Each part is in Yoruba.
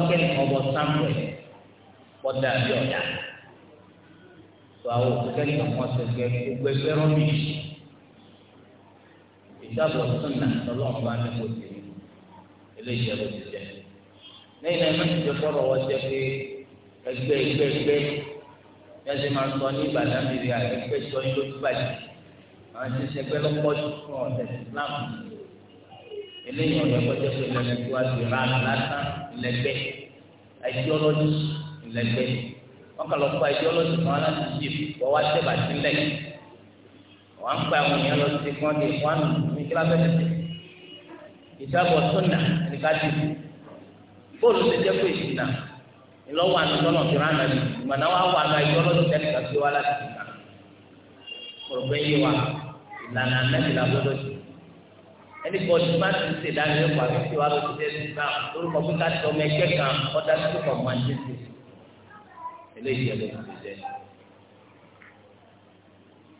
wá kẹ́lẹ́ ọbọ sáńpẹ̀ ọ̀dà bí ọ̀dà tó àwọn òṣìṣẹ́ ìgbàgbọ́n ṣẹ̀ṣẹ̀ gbogbo ẹgbẹ́ rọ́bì ìjábọ̀ sùnà lọ́lọ́run bá ní kò sí eléyìí ẹ̀rọ ti jẹ lẹ́yìn náà mẹ́tì tó kọ́rọ̀ wọ́n jẹ́ pé ẹgbẹ́ ẹgbẹ́ ẹgbẹ́ yẹ́sẹ̀ máa ń sọ ní ìbàdàn mìíràn àgbẹ̀gbẹ́ sọ ní lójú bàjẹ́ àwọn ti ṣẹgbẹ́ lọ́pọ̀ jù fún ọ̀sẹ̀ Islam eléyìí ọ̀dọ́ ẹgbẹ́ jẹ́ pé lẹ́nu tó wá sí rárá lásán lẹgbẹ ideology lẹgbẹ ọkàlọpọ ideology kan aláti ṣe wọ́n wá tẹ̀ bàtí lẹ̀ wọ́n á ń pa àwọn èèyàn lọ sí kan dé wọ́n á nù ní kíláàsì ẹ̀sẹ̀ ìjábọ̀ sọ́nà nígbà tí bóòlù ti jẹ́ pé ìsìn náà ìlọ́wọ́ àtúntọ́nà tó rán nàbí ìmọ̀nà wa wà lọ ideology tẹ́lẹ̀ kàtó wa láti ìgbà mo yé wa ìlànà àmẹ́lì làbọ́dọ̀ sí ẹni bọ́ ní bá ti ṣe dáhùn ẹ̀kọ́ àti ìwà ló ti tẹ̀sí náà lórúkọ pé káàtì ọmọ ẹgbẹ́ kan ọ̀dà tó kọ̀ máa ń ṣe sí eléyìí ẹ̀ ló ti ṣe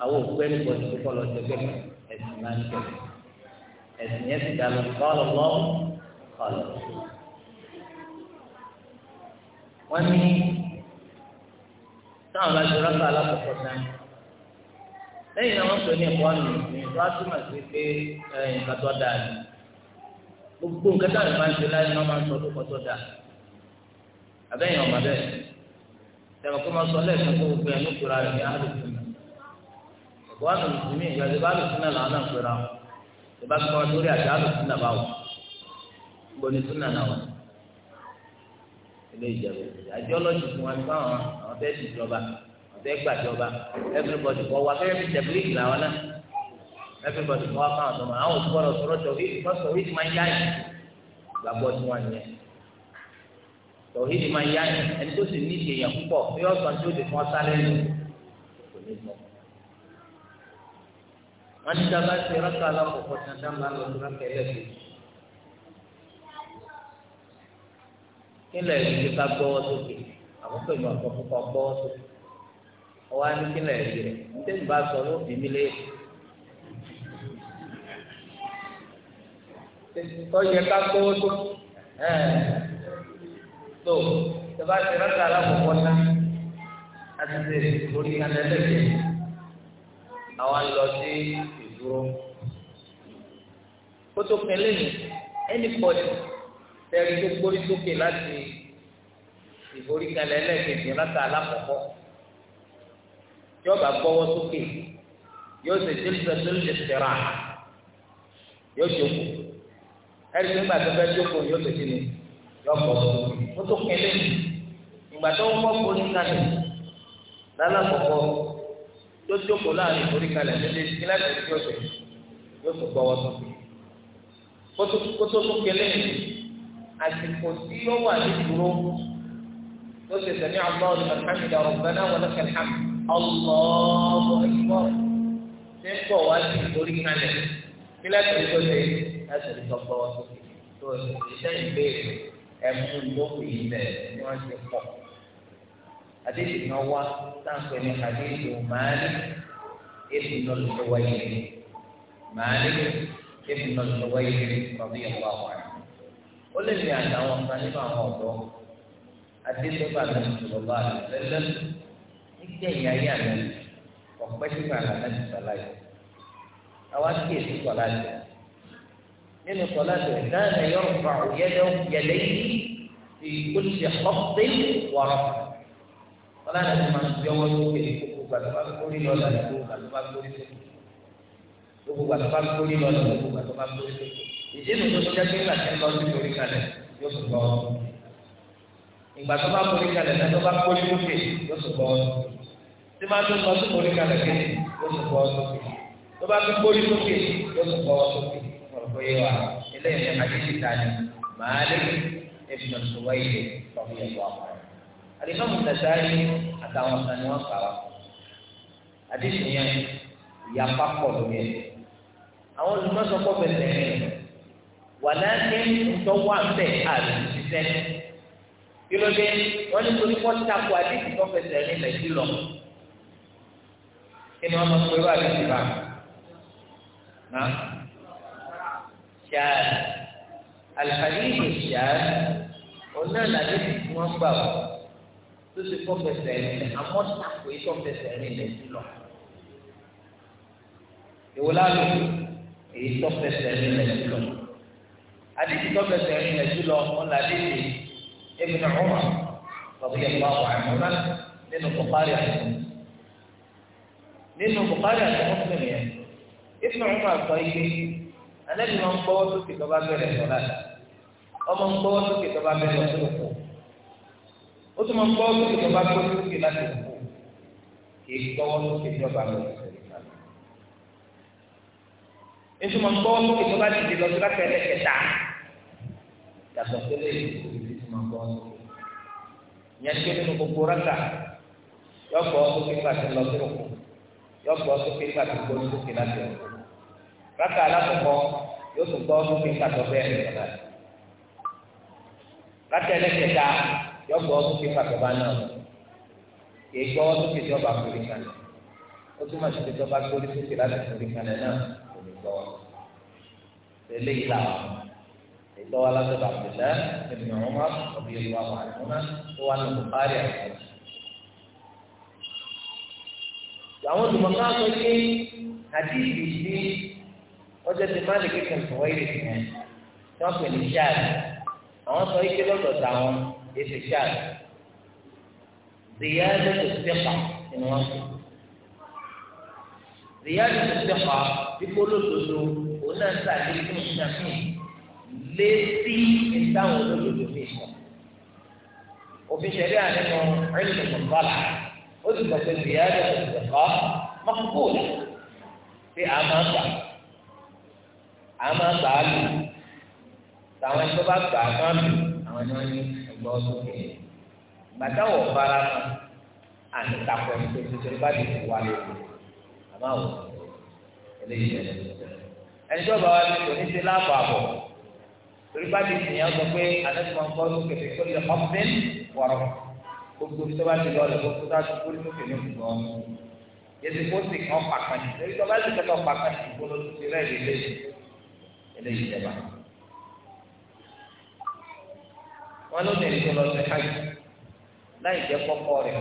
àwọn òkú ẹni bọ́ ti kọ́ lọ sí ẹgbẹ́ ń tẹ̀lé ẹ̀sìn yẹn ti dà lọ kọ́lọ̀ lọ́ ní táwọn bá ti rọ́pò náà lẹ́yìn náà wọ́n pè ní ẹ̀kọ́ àná ìsìn tó á túmọ̀ sí pé nǹkan tó dáa ni gbogbo nǹkan táwọn máa ń ṣe láyé náà máa ń sọ tó kọ́ tó dáa àbẹ́yìn ọ̀mà bẹ́ẹ̀ tẹ̀wọ̀n kó máa sọ lẹ́ẹ̀kan tó gbogbo ẹ̀ ló kura rẹ̀ ní alùpùpù ẹ̀kọ́ àná ìsìn mi ìgbà tó bá alùpùpù náà làwọn náà kura wọn tó bá kọ́ lórí àti alùpùpù náà bá wọn fẹ́ gbàjọba everybody kọ́ wa fẹ́ẹ́ fi tẹ̀blíkì làwọn náà everybody kọ́ wa fáwọn ọ̀dọ́mọ àwọn òkúrọ̀ sọ̀rọ̀ tọ̀hídì kọ́ tọ̀hídì máa ń yá yìí gbàgbọ́ tí wọ́n yẹ tọ̀hídì máa ń yá yìí ẹni tó sì ní ìyẹn púpọ̀ bí wọ́n sọ tí ó lè fọ́n sálẹ̀ lò kò ní sọ. wọ́n ti dábàá ṣe rákà alákọ̀ọ́kọ́ tí wọ́n dábàá lọ sí rákà ẹlẹ́gbẹ̀ẹ́ kí lẹ́yìn ti ká gbọ́wọ́ sókè àwọn pẹ̀lú àkọ́kọ́ gbọ́wọ́ sókè ọwọ́ anìkínlẹ̀ rí rẹ̀ nítorí bá sọ ló bí mi lé. tọ́jú ká gbówó tó tó tẹ́fà ti rántí alákòókò ná láti ṣe lórí alẹ́lẹ́gbẹ̀ẹ́ àwọn lọ sí ìdúró kótó pẹ̀lẹ́ ní ẹnì pọ̀jù tẹ́rí tó gbórí sókè láti ìforíkalẹ̀ ẹlẹ́gbẹ̀ẹ́ rántí alákòókò yóò bá gbọ́wọ́ sókè yóò sì ti sẹ́tìlì ìṣẹ̀ra yóò jókòó ẹ̀rí nígbà tó fẹ́ jókòó yóò sì kíni yóò bọ̀ sókè ó tó kélé ìgbà tó ń bọ́ borí kalẹ̀ lálàkọ̀kọ́ tó jókòó láàrin borí kalẹ̀ nílé kíláàsì tí yóò sè yóò tó gbọ́wọ́ sókè kótó tó kélé àsìkò tí yóò wà ní dúró tó sì sẹ́ni àgbọ̀n ìfàkàmìlà ọ̀gbẹ́ná wọlé kẹlẹ́hàmì ọlọ́ọ̀bù ìbọ̀ ṣé ń bọ̀ wá sí orí kalẹ̀ kí lẹ́tọ̀ọ́ tó ṣe lẹ́tọ̀ọ́ tó gbọ́ wọ́n sókè tó iṣẹ́ ìbéèrè ẹ̀mú lóko ilẹ̀ ni wọ́n ti pọ̀ àdéhùn náà wá sáǹpẹ̀ ní àdéhùn màálí ابن الحويرث مالك ابن الحويرث رضي الله عنه قل لي أنا وصلنا وضوء حديث بعد رسول الله صلى الله عليه وسلم kẹ́yìn ayé àná ọ̀pẹ́ sígbà àná ti sọ̀lá yìí àwa kí èsì sọ̀lá yìí nínú sọ̀lá yìí dáná yọrù fà òyẹ́dẹ́ yẹlẹ́ yìí fi kúlì ọ̀pẹ́ wọ̀rọ̀ sọ̀lá yìí máa ń jọwọ́ lókè gbogbo gbàdúrà lórí lọ́la gbogbo gbàdúrà lórí gbogbo gbàdúrà lórí lọ́la gbogbo gbàdúrà lórí ìdí nu tó sọjá gbé gbàtí lọ sí orí kalẹ̀ yóò sọ bọ́ ìgbà tó bá kórè kalẹ̀ náà tó bá kórè lókè yóò sọ bọ́ tí máa tó lọ sókè orí kalẹ̀ kéde yóò sọ fọwọ́ sókè tó bá fi gbórí sókè yóò sọ fọwọ́ sókè ọ̀pọ̀ yẹ wa eléyìí ní adéṣe ta ni màálé ẹ̀fọn sọ̀wá ilé tọ́kù yẹ fọ́ àwọn ọ̀rẹ́ àdìsọ́mù tẹ̀sán yìí àtàwọn ọ̀sán ni wọ́n kàwá adéṣe yẹn ìyapa pọ̀ lórí ẹ̀ àwọn olùmọ̀sọ̀kọ̀ bẹ̀rẹ̀ rẹ̀ wà láti ntọ́wọ́ àbẹ̀ àdìsíṣẹ́ kí ló dé wọ́n ní torí wọ́n takò adéṣe kí ni wọ́n máa ń pè wá lẹ́sìn bá a ṣáà alihamidu ṣáà ọ̀nà àlàyé tí wọ́n gbà wọ́n tó ti kọ́ fẹsẹ̀ rìn àmọ́ tako ìtọ́ fẹsẹ̀ rìn lẹ́sìn lọ. ìwò lálù èyí tọ́ fẹsẹ̀ rìn lẹ́sìn lọ. àdéhùn tọ́ fẹsẹ̀ rìn lẹ́sìn lọ ọ̀nà àdéhùn Ibn Umar lọ́kùnrin ẹ̀kọ́ àwọn àmọ́ náà nínú kọ́kárì àti nínú bukari àti muslim yẹn ibnu umar sọ yìí anabi máa ń gbọ́wọ́ sókè tó bá bẹ̀rẹ̀ sọlá ọmọ ń gbọ́wọ́ sókè tó bá bẹ̀rẹ̀ sọlọpọ ó tún máa ń gbọ́wọ́ sókè tó bá gbọ́wọ́ sókè láti kú kì í gbọ́wọ́ sókè tó bá bẹ̀rẹ̀ sọlá nítorí máa ń gbọ́wọ́ sókè tó bá dìde lọ sí láti ẹlẹ́kẹta yàtọ̀ sílẹ̀ ìdílé tó máa ń gbọ́wọ́ sókè yẹn yọ gbọ́ sókè pàtó gbọ́ sókè láti ọ̀dọ̀ rákà alákọ̀ọ́kọ́ yóò tún gbọ́ sókè pàtó bẹ́ẹ̀ ní ọ̀dà rákà ẹlẹ́kẹta yọ gbọ́ sókè pàtó bá náà kì í gbọ́ sókè tí ọba kúrì kan ó tún máa sókè tí ọba kúrì sókè láti kúrì kan náà kò ní gbọ́ tẹ́lẹ̀ yìí làwọn ìtọ́wá látọ̀ bàbá ìlẹ́ ìmọ̀ ọ̀bí ìlú àwọn àdúgbò tó wà ní làwọn olùmọ̀ká sọ pé àdìsí sí ọjọ́ ti má lè kékeré sọ̀wọ́ ìrè yẹn tí wọ́n pè ní ṣáàlì àwọn sọ ike lọ́dọ̀ táwọn èsì ṣáàlì ziyada tó sẹ́pà ni wọ́n sọ ziyada tó sẹ́pà dípò lódodo òun náà sàlẹ̀ fún ìṣàfihàn lé sí ìdáhùn olódodo fi sọ òfin ṣẹlẹ̀ àdínú ẹ̀yìn ìmọ̀tọ́lá. أثبت زيادة الثقة مقبولة في أمانة أمانة تعالي táwọn ẹni tó bá gbà á máa bì àwọn ẹni wọn ní ẹgbẹ́ ọdún kìíní gbàtà fara mọ́ àti takọ ẹni tuntun bá di fún wa lóko àmọ́ àwọn eléyìí ẹni tó ẹni tó bá wà ní kò ní ti láàbọ̀ àbọ̀ torí bá di ìyẹn sọ pé àdéhùn máa ń bọ́ sókè fún gbogbo tó bá ti lọ rẹ gbogbo tó bá ti kórè lókè ní òkú ọ yẹtí kó sì kàn pàkàtì lórí tó bá sì kàn pàkàtì ìgbóná tó ti rẹ ìdílé eléyìí jẹba wọn ló dẹ̀ tó lọ sí hajj láì jẹ́ kọ́kọ́ rẹ̀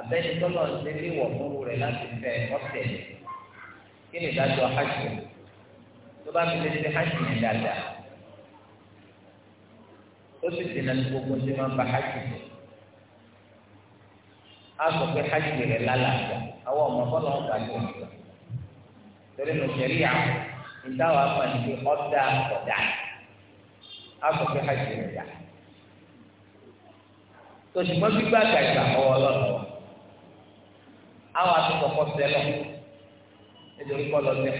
abẹ́ni tó lọ sí ilé ìwọ̀ fúru láti fẹ́ ọ̀sẹ̀ kí ni ìdájọ́ hajj tó bá fi lè ṣe hajj yẹn dáadáa ó sì dènà gbogbo tí máa ń hajj yẹn á sọ pé hajj rẹ lálàáfíà àwọn ọmọ fọlọ́ ọ̀gá ni wọ́n gbà torí nù sẹ́rí àwọn ìdáwọ̀ àpàdé pé ọ̀dà ọ̀dà á sọ pé hajj rẹ dà tòṣùmọ́ gbígbà àgbàgbà ọwọ́ ọlọ́dọ̀ àwọn àtúnkọ̀kọ́ sẹ́lọ̀ nítorí kọ́ lọ sí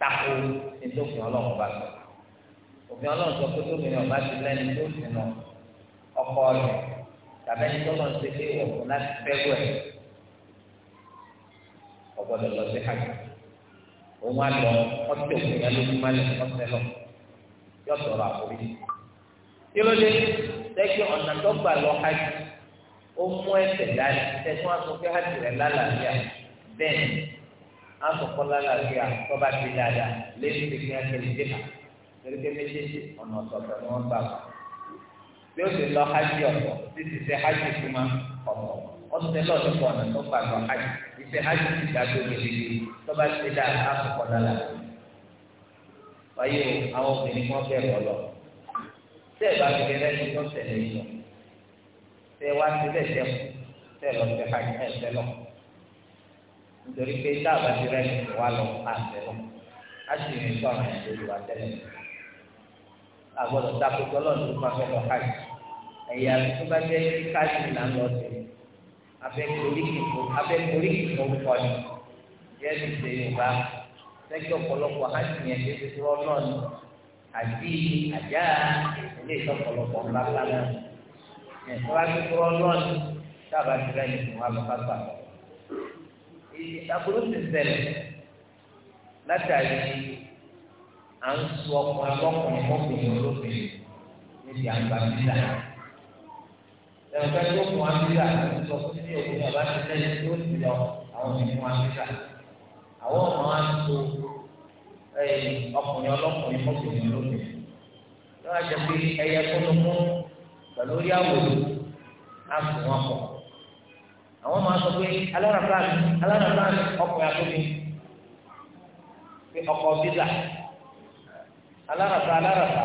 tako nítòfin ọlọ́run sọ òfin ọlọ́run sọ pé tóbi ni ọba ti lẹ́ni tó sì ọkọ rẹ̀ tàbí ẹni tọ́lọ̀ ṣe pé ọ̀pọ̀ láti fẹ́rù ẹ̀ ọ̀gbọ́dọ̀ lọ sí àgbà òun á lọ ọtí òkú yẹn lójú má lẹ ọtẹ lọ yọ sọ̀rọ̀ àforí kí ló dé lẹ́kí ọ̀nà tó gbà lọ hajj ó mú ẹsẹ̀ dání tẹ̀sán asọ̀kẹ́ hajj rẹ̀ lálàáfíà bẹ́ẹ̀ asọ̀kọ́ lálàáfíà tọ́ba ti dáadáa lẹ́yìn tó kí wọ́n kẹ́lẹ́ dé hà lórí kẹ́lẹ́ dé ọ̀nà ọ̀sọ̀tọ̀ ni wọ́n bí ó ṣe lọ hajj ọ̀pọ̀ títí ṣe hajj kuma ọ̀pọ̀ ọtún tẹ lọ́ọ̀dún pọ̀ ọ̀nà tó gbà lọ hajj ìṣe hajj ti dá tó gbèdéke tó bá ṣe dá àkókò dára wáyé o àwọn obìnrin kan bẹ̀ bọ̀ lọ tẹ́ ẹ bá ti bẹ lẹ́nu tó tẹ̀lé yìí lọ tẹ́ wá ti bẹ̀ tẹ́ kù tẹ́ lọ tẹ́ hajj ẹ̀ tẹ́ lọ nítorí pé tá a bá ti rẹ́nu wá lọ àtẹ lọ á sì rìn sọ̀rọ̀ ẹ̀ lórí wa tẹ́lẹ̀ àgbọ̀dọ̀ takò tọ́lọ́ọ̀dún máa fẹ́ lọ hajj ẹ̀yà tó bá jẹ́ káàdì là ń lọ sí i abẹ́kọ̀ríkìkọ̀ abẹ́kọ̀ríkìkọ̀ ń kọ́ ni jẹ́ ti ṣe yorùbá sẹ́kì ọ̀pọ̀lọpọ̀ àtìyẹn ti ti rọ́ náà ni àti àjá ilé ìtọ́pọ̀lọpọ̀ ńlá kálá ẹ̀ tó bá ti rọ́ náà ni sábà ti rẹ́ nìkan wà lọ́ka gbà. ìdàgbòrò ti ṣẹlẹ̀ látàrí à ń sọ ọkùnrin lọ́kùnrin mọ́kùnrin olóbìnrin níbi àgbà nílà ẹ̀ka tó fún wa ní ìlà àti sọ fún mi òun bàbá ti lẹ́yìn tó ti lọ àwọn òfin wa ní ìlà àwọn ọmọ wa ń so ọkùnrin ọlọ́kùnrin mọ́kùnrin lóbìnrin tó wá jẹ pé ẹyẹ kúnnukú pẹ̀lú orí àwòrán á fún wọn pọ̀ àwọn máa sọ pé alárànfààní alárànfààní ọkùnrin àtòmí pé ọkọ̀ bíbà alárànfà alárànfà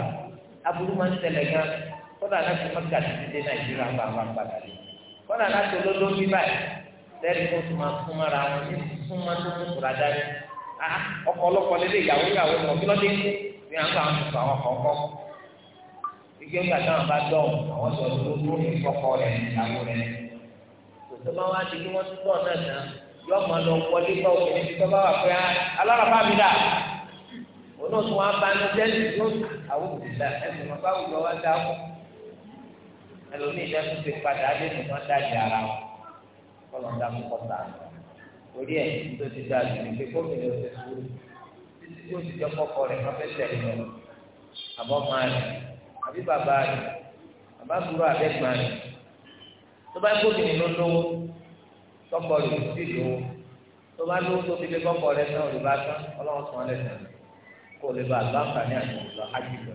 aburú máa ń tẹ̀lé gan-an. kódà láti mẹ́kà títí dé nàìjíríà ń bá padà lé kódà láti olódó bí báyìí máa fún mọ́ra wọn ní fún máa tó fún kura dání ọkọ̀ ọlọ́kọ̀ lélẹ̀ ìyàwó ìyàwó ìmọ̀ kí ní à ń bá wọn kọ̀ọ̀kọ́ ike ńgbà táwọn bá dọ̀ àwọn ní kọ́kọ́ rẹ̀ ìyàwó rẹ̀ wá kí wọ́n ẹlòmíì lẹ́nu ti padà dé ní wọ́n dájú ara wọn kọ́lọ́ dá mú kọ́ta orí ẹ̀ tó ti dá ju ní pé gómìnà ó ti sùúrù títí tó ti jẹ́ kọ́kọ́ rẹ̀ kọ́ fẹ́ tẹ̀lé lọ àbọ̀ máa rẹ̀ àbí bàbá rẹ̀ bàbá burú àbẹ́gbà rẹ̀ tó bá gómìnà ló lówó tọkọ rẹ̀ kò sí lówó tó bá lówó tó fi lé kọ́kọ́ rẹ̀ náà rẹ̀ bá tán ọlọ́run sàn án lẹ́sàn kó o lè bá àlọ́ àǹfààní àti ìlọ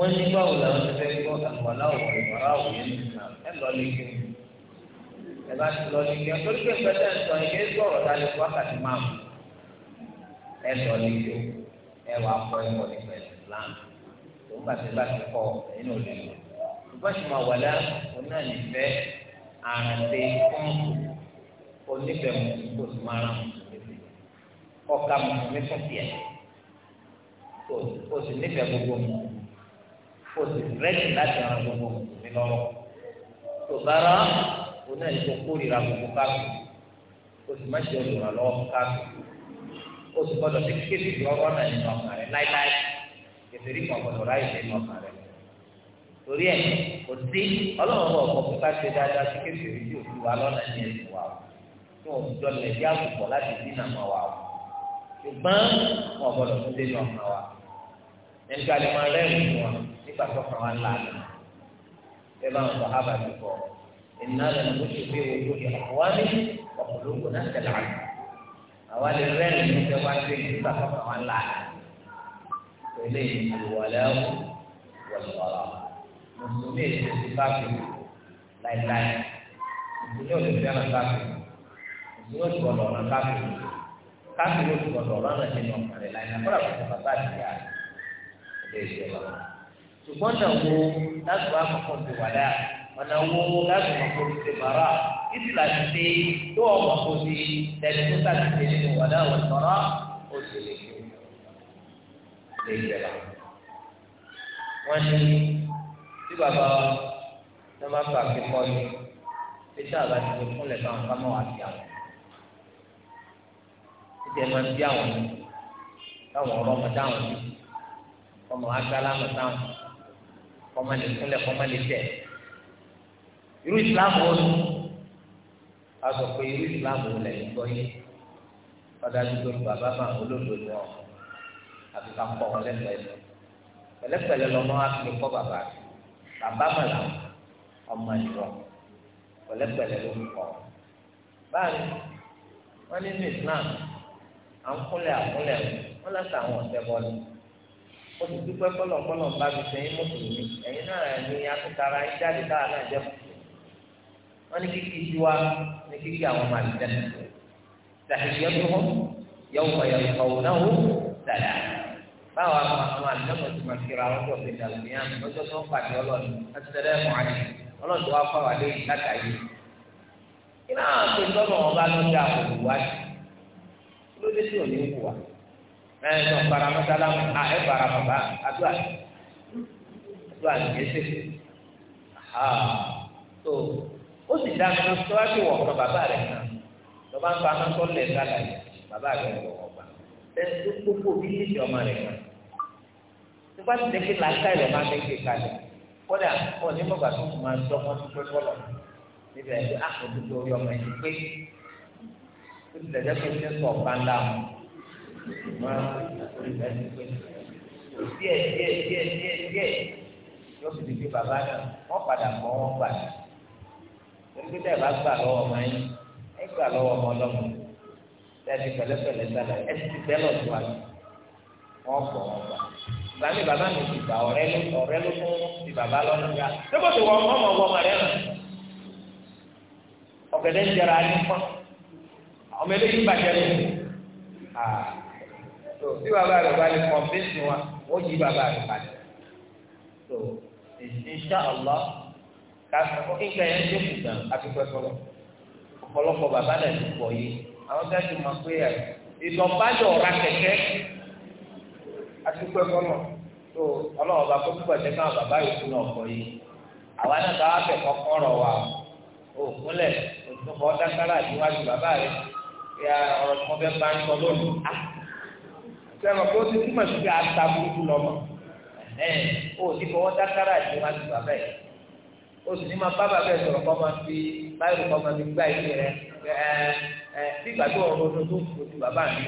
wọ́n ní báwo làwọn ti fẹ́ gbọ́ àlùmọ́lá òwò ìmọ̀ra òwò yẹn nìkan ẹ lọ lé kí ẹ bá ti lọ lé kí ẹ torí pé pẹ́tẹ́ ń sọ ìgbé sọ̀rọ̀ dá lè kó wákàtí máa mú ẹ lọ lé kí ẹ wà kọ́ ẹ̀kọ́ nípa ìsìlámù òun bá ti bá ti kọ́ ẹ̀yìn òde lọ ṣùgbọ́n ṣì máa wàlá òun náà nífẹ̀ àràǹtẹ̀ fún onífẹ̀ mùsùlùmí mùsùlùmí kò sì nífẹ̀ gbogbo mùsùlùmí kó o sì rẹ́ẹ̀dì láti ran gbogbo mùsùlùmí lọ́wọ́ tó bá rà o náà ní kó kórìíra gbogbo káàkiri o sì má ṣe olùrànlọ́wọ́ káàkiri kó o sì gbọ́dọ̀ sí kékeré ìrọ̀rọ̀ náà nínú ọkàn rẹ láíláí kékeré kan gbọ́dọ̀ láì ṣe nínú ọkàn rẹ torí ẹ kò sí ọlọ́run bọ̀ ọ̀pọ̀ kíkà ṣe dáadáa sí kékeré tí òfin wa lọ́nà ní ẹ̀sìn wa o tí wọn jọ lẹ̀ bí àkùkọ láti dínà mọ́ wa o ṣùgbọ́n wọn gbọ́dọ̀ tún dé lọ́nà wa ẹnìkan lè máa rẹ́rìn-ín wọn nígbà tó kàn wá láàánú ẹ bá wọn sọ ábà ti kọ iná lẹnu tó ṣe pé owó ni àwa ní ọ̀pọ̀lọpọ̀ náà tẹ̀lé àná àwa lè rẹ́ẹ̀lì ní ìfẹ́ wá sí nígbà tó kàn wá láàánú pẹ̀lú ìwọlẹ́ wọ̀lọ́wọ́lọ́ mùsùlùmí èsì ti bá fi láìláì mùsùlùmí ò lè fẹ́ràn káfíìn mùsùlùmí ò ti gbọdọ̀ ọ̀nà káfíìn káfíìn ò ti gbọdọ̀ ọ̀nà ìṣẹ̀lẹ̀ ọ̀kàlẹ̀ láìláì kọ́lá kò tó bàbá àti ìyá rẹ̀ lè ṣùgbọ́n náà wo láti wá kọ́kọ́ ti wà dáa ọ̀nà wo láti mọ̀ kó ti bàrà títí láti ṣe tó ọmọ kó ti lẹ́nu tó láti ṣe nínú wà dáa wọ̀n tọ́rọ́ ó ti lè ṣe lè jẹba. wọ́n ní tí bàbá wa ní wọ́n bá fà kíkọ́ ni títí àbájá tó fúnlẹ̀ bá wọn bá mọ̀ wá sí àwọn títí ẹ máa ń bí àwọn ní káwọn ọ̀rọ̀ ọmọ dáhùn ọmọ agbálámọ̀ kọ́má lè kúnlẹ̀ kọ́má lè tẹ̀ irú ìsìláàmù ó lù á sọ pé irú ìsìláàmù ó lẹ̀ ń gbọ́ yé padà dúró bàbá máa olódò ni wọn àti ká pọ̀ wọn lẹ́pẹ̀lẹ́ pẹ̀lẹ́pẹ̀lẹ́ lọ́mọ àti kọ́ bàbá bàbá máa làwọn ọmọ ìwọ pẹ̀lẹ́pẹ̀lẹ́ ló ń kọ́ báyìí wọ́n ní ní Islam à ń kúnlẹ̀ àkúnlẹ̀ wọn láti àwọn ọ̀sẹ̀ bọ́ọ̀lù ó ti dúpẹ́ kọ́lọ̀kọ́lọ̀ bá mi sẹ́yìn mùsùlùmí ẹ̀yin náà ni akútara yín jáde táwa náà jẹ́ mùsùlùmí wọ́n ní kíkí tiwa ní kíkí àwọn ọmọ àlùjẹ́ tàṣìṣẹ́ tó hàn yọ̀wọ̀ yọ̀wọ̀ náà ó dàdà báwo àwọn àlùjẹ́ mọ̀ tó máa kíra ọjọ́ pé dàlùmíà lọ́jọ́ tó ń pàdé ọlọ́run àtẹ̀lẹ́ mọ̀ọ́lì ọlọ́run tó wá fáwà lé látàyè kí náà ẹ ẹ lọ fara mọ́sálámù à ẹ fara bàbá àdúrà àdúrà nìyẹsẹ̀ ha tó ó sì dá mi lọ síwájú wọ̀ ọ̀kan bàbá rẹ̀ kan lọ́ba ń fa amásọ́ lẹ̀ sálà yìí bàbá rẹ̀ wọ̀ ọ̀gbà tẹ́sí gbogbo bí ní ìṣẹ̀ ọmọ rẹ̀ kan nígbà tí lẹ́kẹ́ làákà rẹ̀ máa lẹ́kẹ́ kalẹ̀ kódà ọ̀ ní mọ̀gbà tó máa ń dọ́gbọ́n tó pẹ́ fọlọ̀ níbi ẹ̀ ṣùgbọ́n oníkàtí pé díẹ̀ díẹ̀ díẹ̀ díẹ̀ díẹ̀ yóò fi dìde bàbá náà wọ́n padà mọ́ wọn gbà torí pé dẹ́ẹ̀ bá gbà lọ́wọ́ ọmọ yín ẹ gbà lọ́wọ́ ọmọ ọlọ́mọ tẹ́ẹ̀sì pẹ̀lẹ́pẹ̀lẹ́ sára ẹ ti ti bẹ́ẹ̀ lọ́dún wa wọ́n pọ̀ wọn gbà ìgbà mi bàbá mi ti gbà ọ̀rẹ́ ló ọ̀rẹ́ ló fún ti bàbá lọ́nà gbà nígbà tó wọ́n mọ̀ wọ́n mọ̀ rẹ̀ ọ̀gẹ̀dẹ̀ ń jẹrà ní pọ́n ọmọ eléyìí bàjẹ́ lónìí tó bí bàbá rẹ̀ bá lè kọ̀m̀pẹ́sì wọn ó yí bàbá rẹ̀ padà tó insha Allah kàtà kó kíkà yẹn tó kù dàn àtúkọ̀ sọ̀rọ̀ ọ̀pọ̀lọpọ̀ bàbá náà ti pọ̀ yìí àwọn gáàsì máa pé ẹ̀ ìdọ̀bájọ̀ ra kẹ̀kẹ́ àtúkọ̀ sọ̀rọ̀ tó ọlọ́wọ́ bá kó púpọ̀ jẹ́ káwọn bàbá yòókù náà pọ̀ yìí àwa náà bá wà fẹ́ kọ́kọ́rọ̀ wa òkúnlẹ̀ òtúnfọ́ dákàrà àdíwájú bàbá rẹ̀ ya ọ̀rọ̀ tí wọ́n fẹ́ bá ń sọ lónìí ah! sẹ́wọ̀n kó ti túmọ̀ sí pé ata burúkú lọ́mọ ẹ̀ẹ́n o ò ní fọwọ́ dákàrà ìjọba ti bàbá yìí o sì ní máa bá bàbá yìí sọ̀rọ̀ kọ́ máa fi báyìí kọ́ máa fi gbá ilé rẹ ẹ̀ẹ́ ẹ̀ nígbà tó ọ̀rọ̀ ọdún tó kù ojú bàbá mi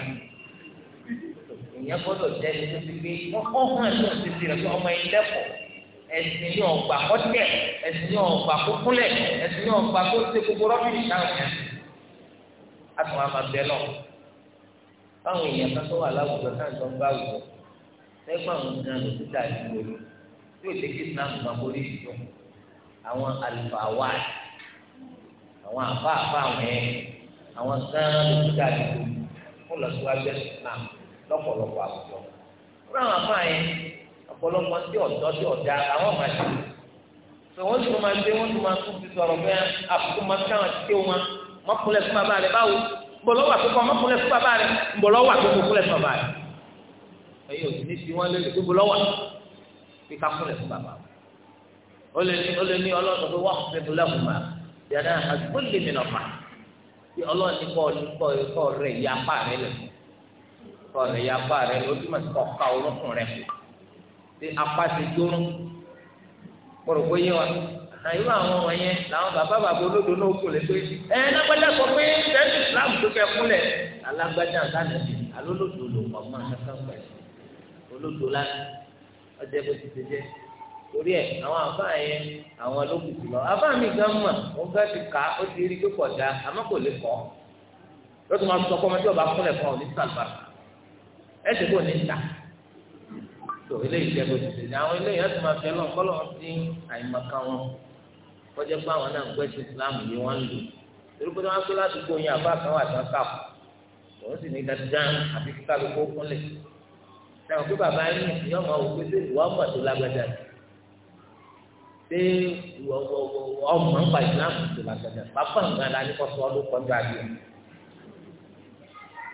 ìyẹn gbọ́dọ̀ jẹ́ ẹni tó ti gbé ọkọ̀ hàn ní òṣìṣẹ́ rẹ̀ fún ọmọ yìí lẹ́kọ̀ọ́ ẹ̀sìn ní ọgbà kọ́tẹ̀ ẹ̀sìn ní ọgbà kókúnlẹ̀ ẹ̀sìn ní ọgbà kó ṣe gbogbo rọ́bìnì táwọn yẹn. a tún wá máa bẹ lọ́wọ́ fáwọn èèyàn kan tó wà láwùjọ káàtó ń bá àwùjọ lẹ́gbọ́n àwọn gan ló ti dà ní ìwòlò tí ò tẹ́kí islam máa borí ìdùn àwọn àlùfáàwá àwọn àfáàfá àwọn ẹ̀ àwọn gan ló ti dà ní ìwòlò fún lọ́síwájú ẹ̀sìn islam lọ́pọ̀lọpọ̀ àwùjọ. fúnra àwọn afá yẹn ọ̀pọ̀lọpọ̀ tí ọ̀dọ́ tí ọ̀dá àwọn máa ṣe pé wọ́n tún máa gbé wọ́n tún máa tún fi sọ̀rọ̀ bẹ́ẹ̀ àbùkù máa káwọn ti dé wọn mọ́kúnlẹ̀ bọ̀lọ́ wà tó kọ́ ọmọkùnrin fún bàbá rẹ̀ bọ̀lọ́ wà tó kọ́ ọmọkùnrin fún bàbá rẹ̀ ẹ̀yin ò ní fi wọ́n lé lè bọ̀lọ́ wà fi ká kúnlẹ̀ fún bàbá rẹ̀ ó lè ní ó lè ní ọlọ́dún tó wà fún ẹ̀dùn lẹ́kùn máa yàrá àdúgbò lè mi nọ̀fà tí ọlọ́ọ̀ni kọ́ ọ kọ́ rẹ̀ ya apá rẹ̀ lẹ̀ kọ́ rẹ̀ ya apá rẹ̀ lọ́ọ́ túmọ̀ sí kọ́ ká orúnkún rẹ̀ kù tí apá ti dúró kpọ̀rọ̀ àyè wà àwọn ọmọ yẹn làwọn bàbá bàbá olódo náà kò lè pé ẹ lágbájá sọ pé bẹ́ẹ̀ni islam tó kẹ kúnlẹ̀ alágbájá lánàbí alólòdò ló pọ̀ mọ́ akẹ́kọ̀ọ́ pẹ̀lú olódo lánàá ọjọ́ bó ti ṣe jẹ́ torí ẹ̀ àwọn àbá yẹn àwọn olókùtù lọ àbá mi gan mọ̀ wọ́n gá ti kà ó ti rí pé pọ̀ dá àmọ́ kò lè kọ́ lọ́tọ̀ máa sọ fọmọ tí ọba kúnlẹ̀ fún ọ ní sàlùbà ẹ̀ ṣe kò ní ta tó eléyìí jẹ́ bó ti ṣe jẹ́ àwọn eléyìí ẹ̀ tó máa fẹ́ lọ́n kọ́lọ́ ti àyè kọjá pé àwọn náà ń gbé sí islam ni wọ́n ń lò torí pé wọ́n á tó ládùúgbò yẹn àbá kan wà tán kà kù òun sì ní dandan àti kíkà ló kó kúnlẹ̀ táwọn pé bàbá yín ní ìyá òkú sí ìwà ọmọ tó lágbájá ṣé ọmọ ń pa islam tó lágbájá bàbá nǹkan la ní kó ọdún kan gbàgbé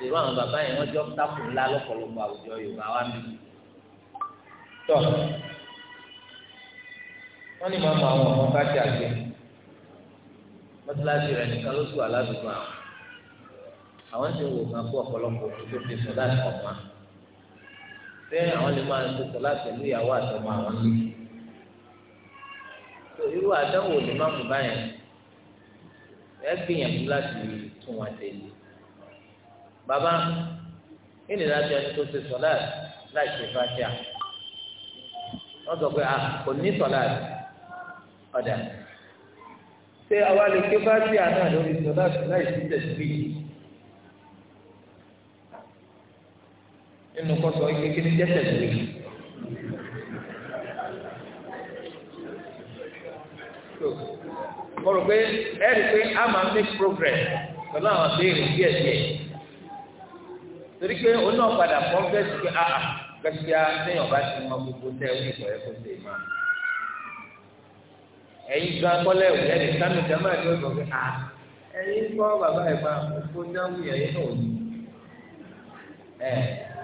irú àwọn bàbá yẹn wọ́n jọ ń lọ́pọ̀lọpọ̀ àwùjọ Yorùbá wa mi wọ́n ní màmá àwọn ọmọ bá ti àgbẹ̀ mọ́tíláṣí rẹ̀ nìkan ló sùn aládùúgbò àwọn àwọn ti wò kan kó ọ̀pọ̀lọpọ̀ tó fi sọ láti ọ̀pá pé àwọn lè máa ti sọ láti ìlú ìyàwó àtọmọ àwọn lé tó irú àdánwò lè má mú báyẹn ẹ gbìyànjú láti tún wọn tẹ̀lé bàbá kí ni láti ẹni tó ti sọ láti láì ṣe fàájà wọ́n sọ pé a kò ní sọ láti ọ̀dà ṣé àwa lè ké fásitì àná lórí sọlá láì sí tẹ̀síbí nínú kọ́sọ̀ ike kí ni jẹ́ tẹ̀síbí. mo rò pé ẹ rí i pé a máa make progress pẹ̀lú àwọn béèrè díẹ̀ díẹ̀ torí pé òun náà padà kọ́ fẹ́ẹ́ sí pé àà ah, gbẹ̀síà ah, sẹ́yìn ọ̀bá ti mọ gbogbo tẹ́ ẹ̀ ní ìkọ̀yẹ́ kó tẹ̀ ẹ̀ máa ẹ̀yin gan kọ́lẹ̀ wù ẹ̀dẹ̀ sánú jama ni ó sọ pé à ah, ẹ̀yin kọ́ bàbá ẹ̀ máa kó dáhùn ẹ̀yin náà yìí ẹ̀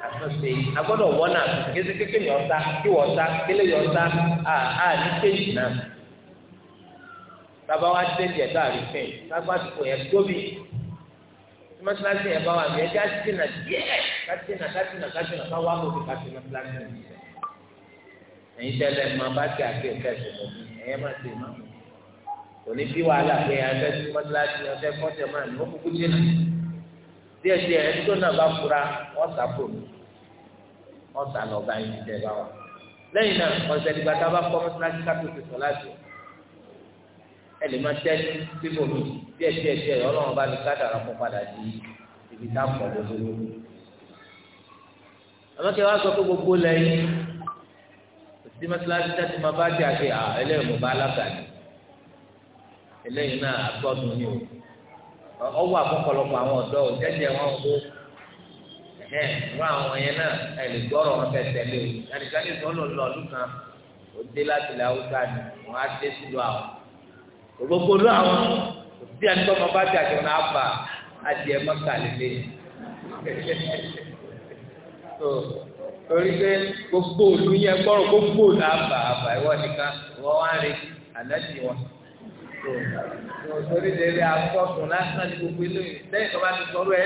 àtúnṣe agbọ́dọ̀ wọ́nà kéde kékeré yọ̀ ọ́ta kí wọ́n ta kéle yọ̀ ọ́ta à à ní kéjì náà bàbá wa dé díẹ̀ tó àrífẹ́ bàbá tó yẹ tóbi mọ́tíláṣí yẹn bá wà ní ẹjẹ́ àti tìǹà díẹ̀ kátìǹà kátìǹà kátìǹà káwá kó fi kátìǹà kíláṣí ẹ̀yin tẹ́lẹ̀ máa bá ti àti ẹ̀ka ẹ̀sìn lọ sí ẹ̀yẹ́ máa ti máa kò ní bí wàhálà pé ẹ̀fẹ́ tí wọ́n ti láti ọ̀fẹ́ kọ́tẹ̀ máa ní ọkùnkù jìnnà díẹ̀ díẹ̀ ẹni tó náà bá fura wọ́n sá pò mí wọ́n sá lọ bá yín tẹ́ bá wà lẹ́yìn náà ọ̀sẹ̀ ìgbà tá a bá kọ́ mọ́sálásí kápẹ́ ti sọ láti ẹ lè máa tẹ́ síbò mí díẹ̀ díẹ̀ díẹ̀ ọlọ́run bá mi kádàrá fún padà sí ibi tá a pọ̀ lọ́dọ́ lórí àmọ́ kí wọ́n á sọ pé gbogbo lẹ́yìn tí mọ́sálásí tẹ́tí máa bá jà pé ẹlẹ́yìn mo bá alága ni ẹlẹ́yìn náà àtọ́dún ni o ọwọ́ àkọ́kọ́lọ́pọ̀ àwọn ọ̀dọ́ ò jẹ́jẹ́ wọn kó ẹ̀hẹ́n ìwọ àwọn yẹn náà ẹ̀ lè gbọ́rọ̀ wọn fẹ́ tẹ̀lé o ẹnìkan lè sọ́ọ́ lọ lọ ọdún kan ó dé láti ilẹ̀ haúsá ni wọ́n á dé sílùú àwọn ògbógbó lọ àwọn òbí ẹni tó máa bá jà jọ náà bá adìẹ mọ́kàlélẹ́yìn torí pé gbogbo òlu yẹn gbọ́rọ̀ gbogbo òlu àbà àbà ìwọ nìkan wọ́n wá ń retí ànájì wọn. torí lèrè àtọ́kùn lásán ní gbogbo ilé yìí lẹ́yìn tó bá ti sọ̀rọ̀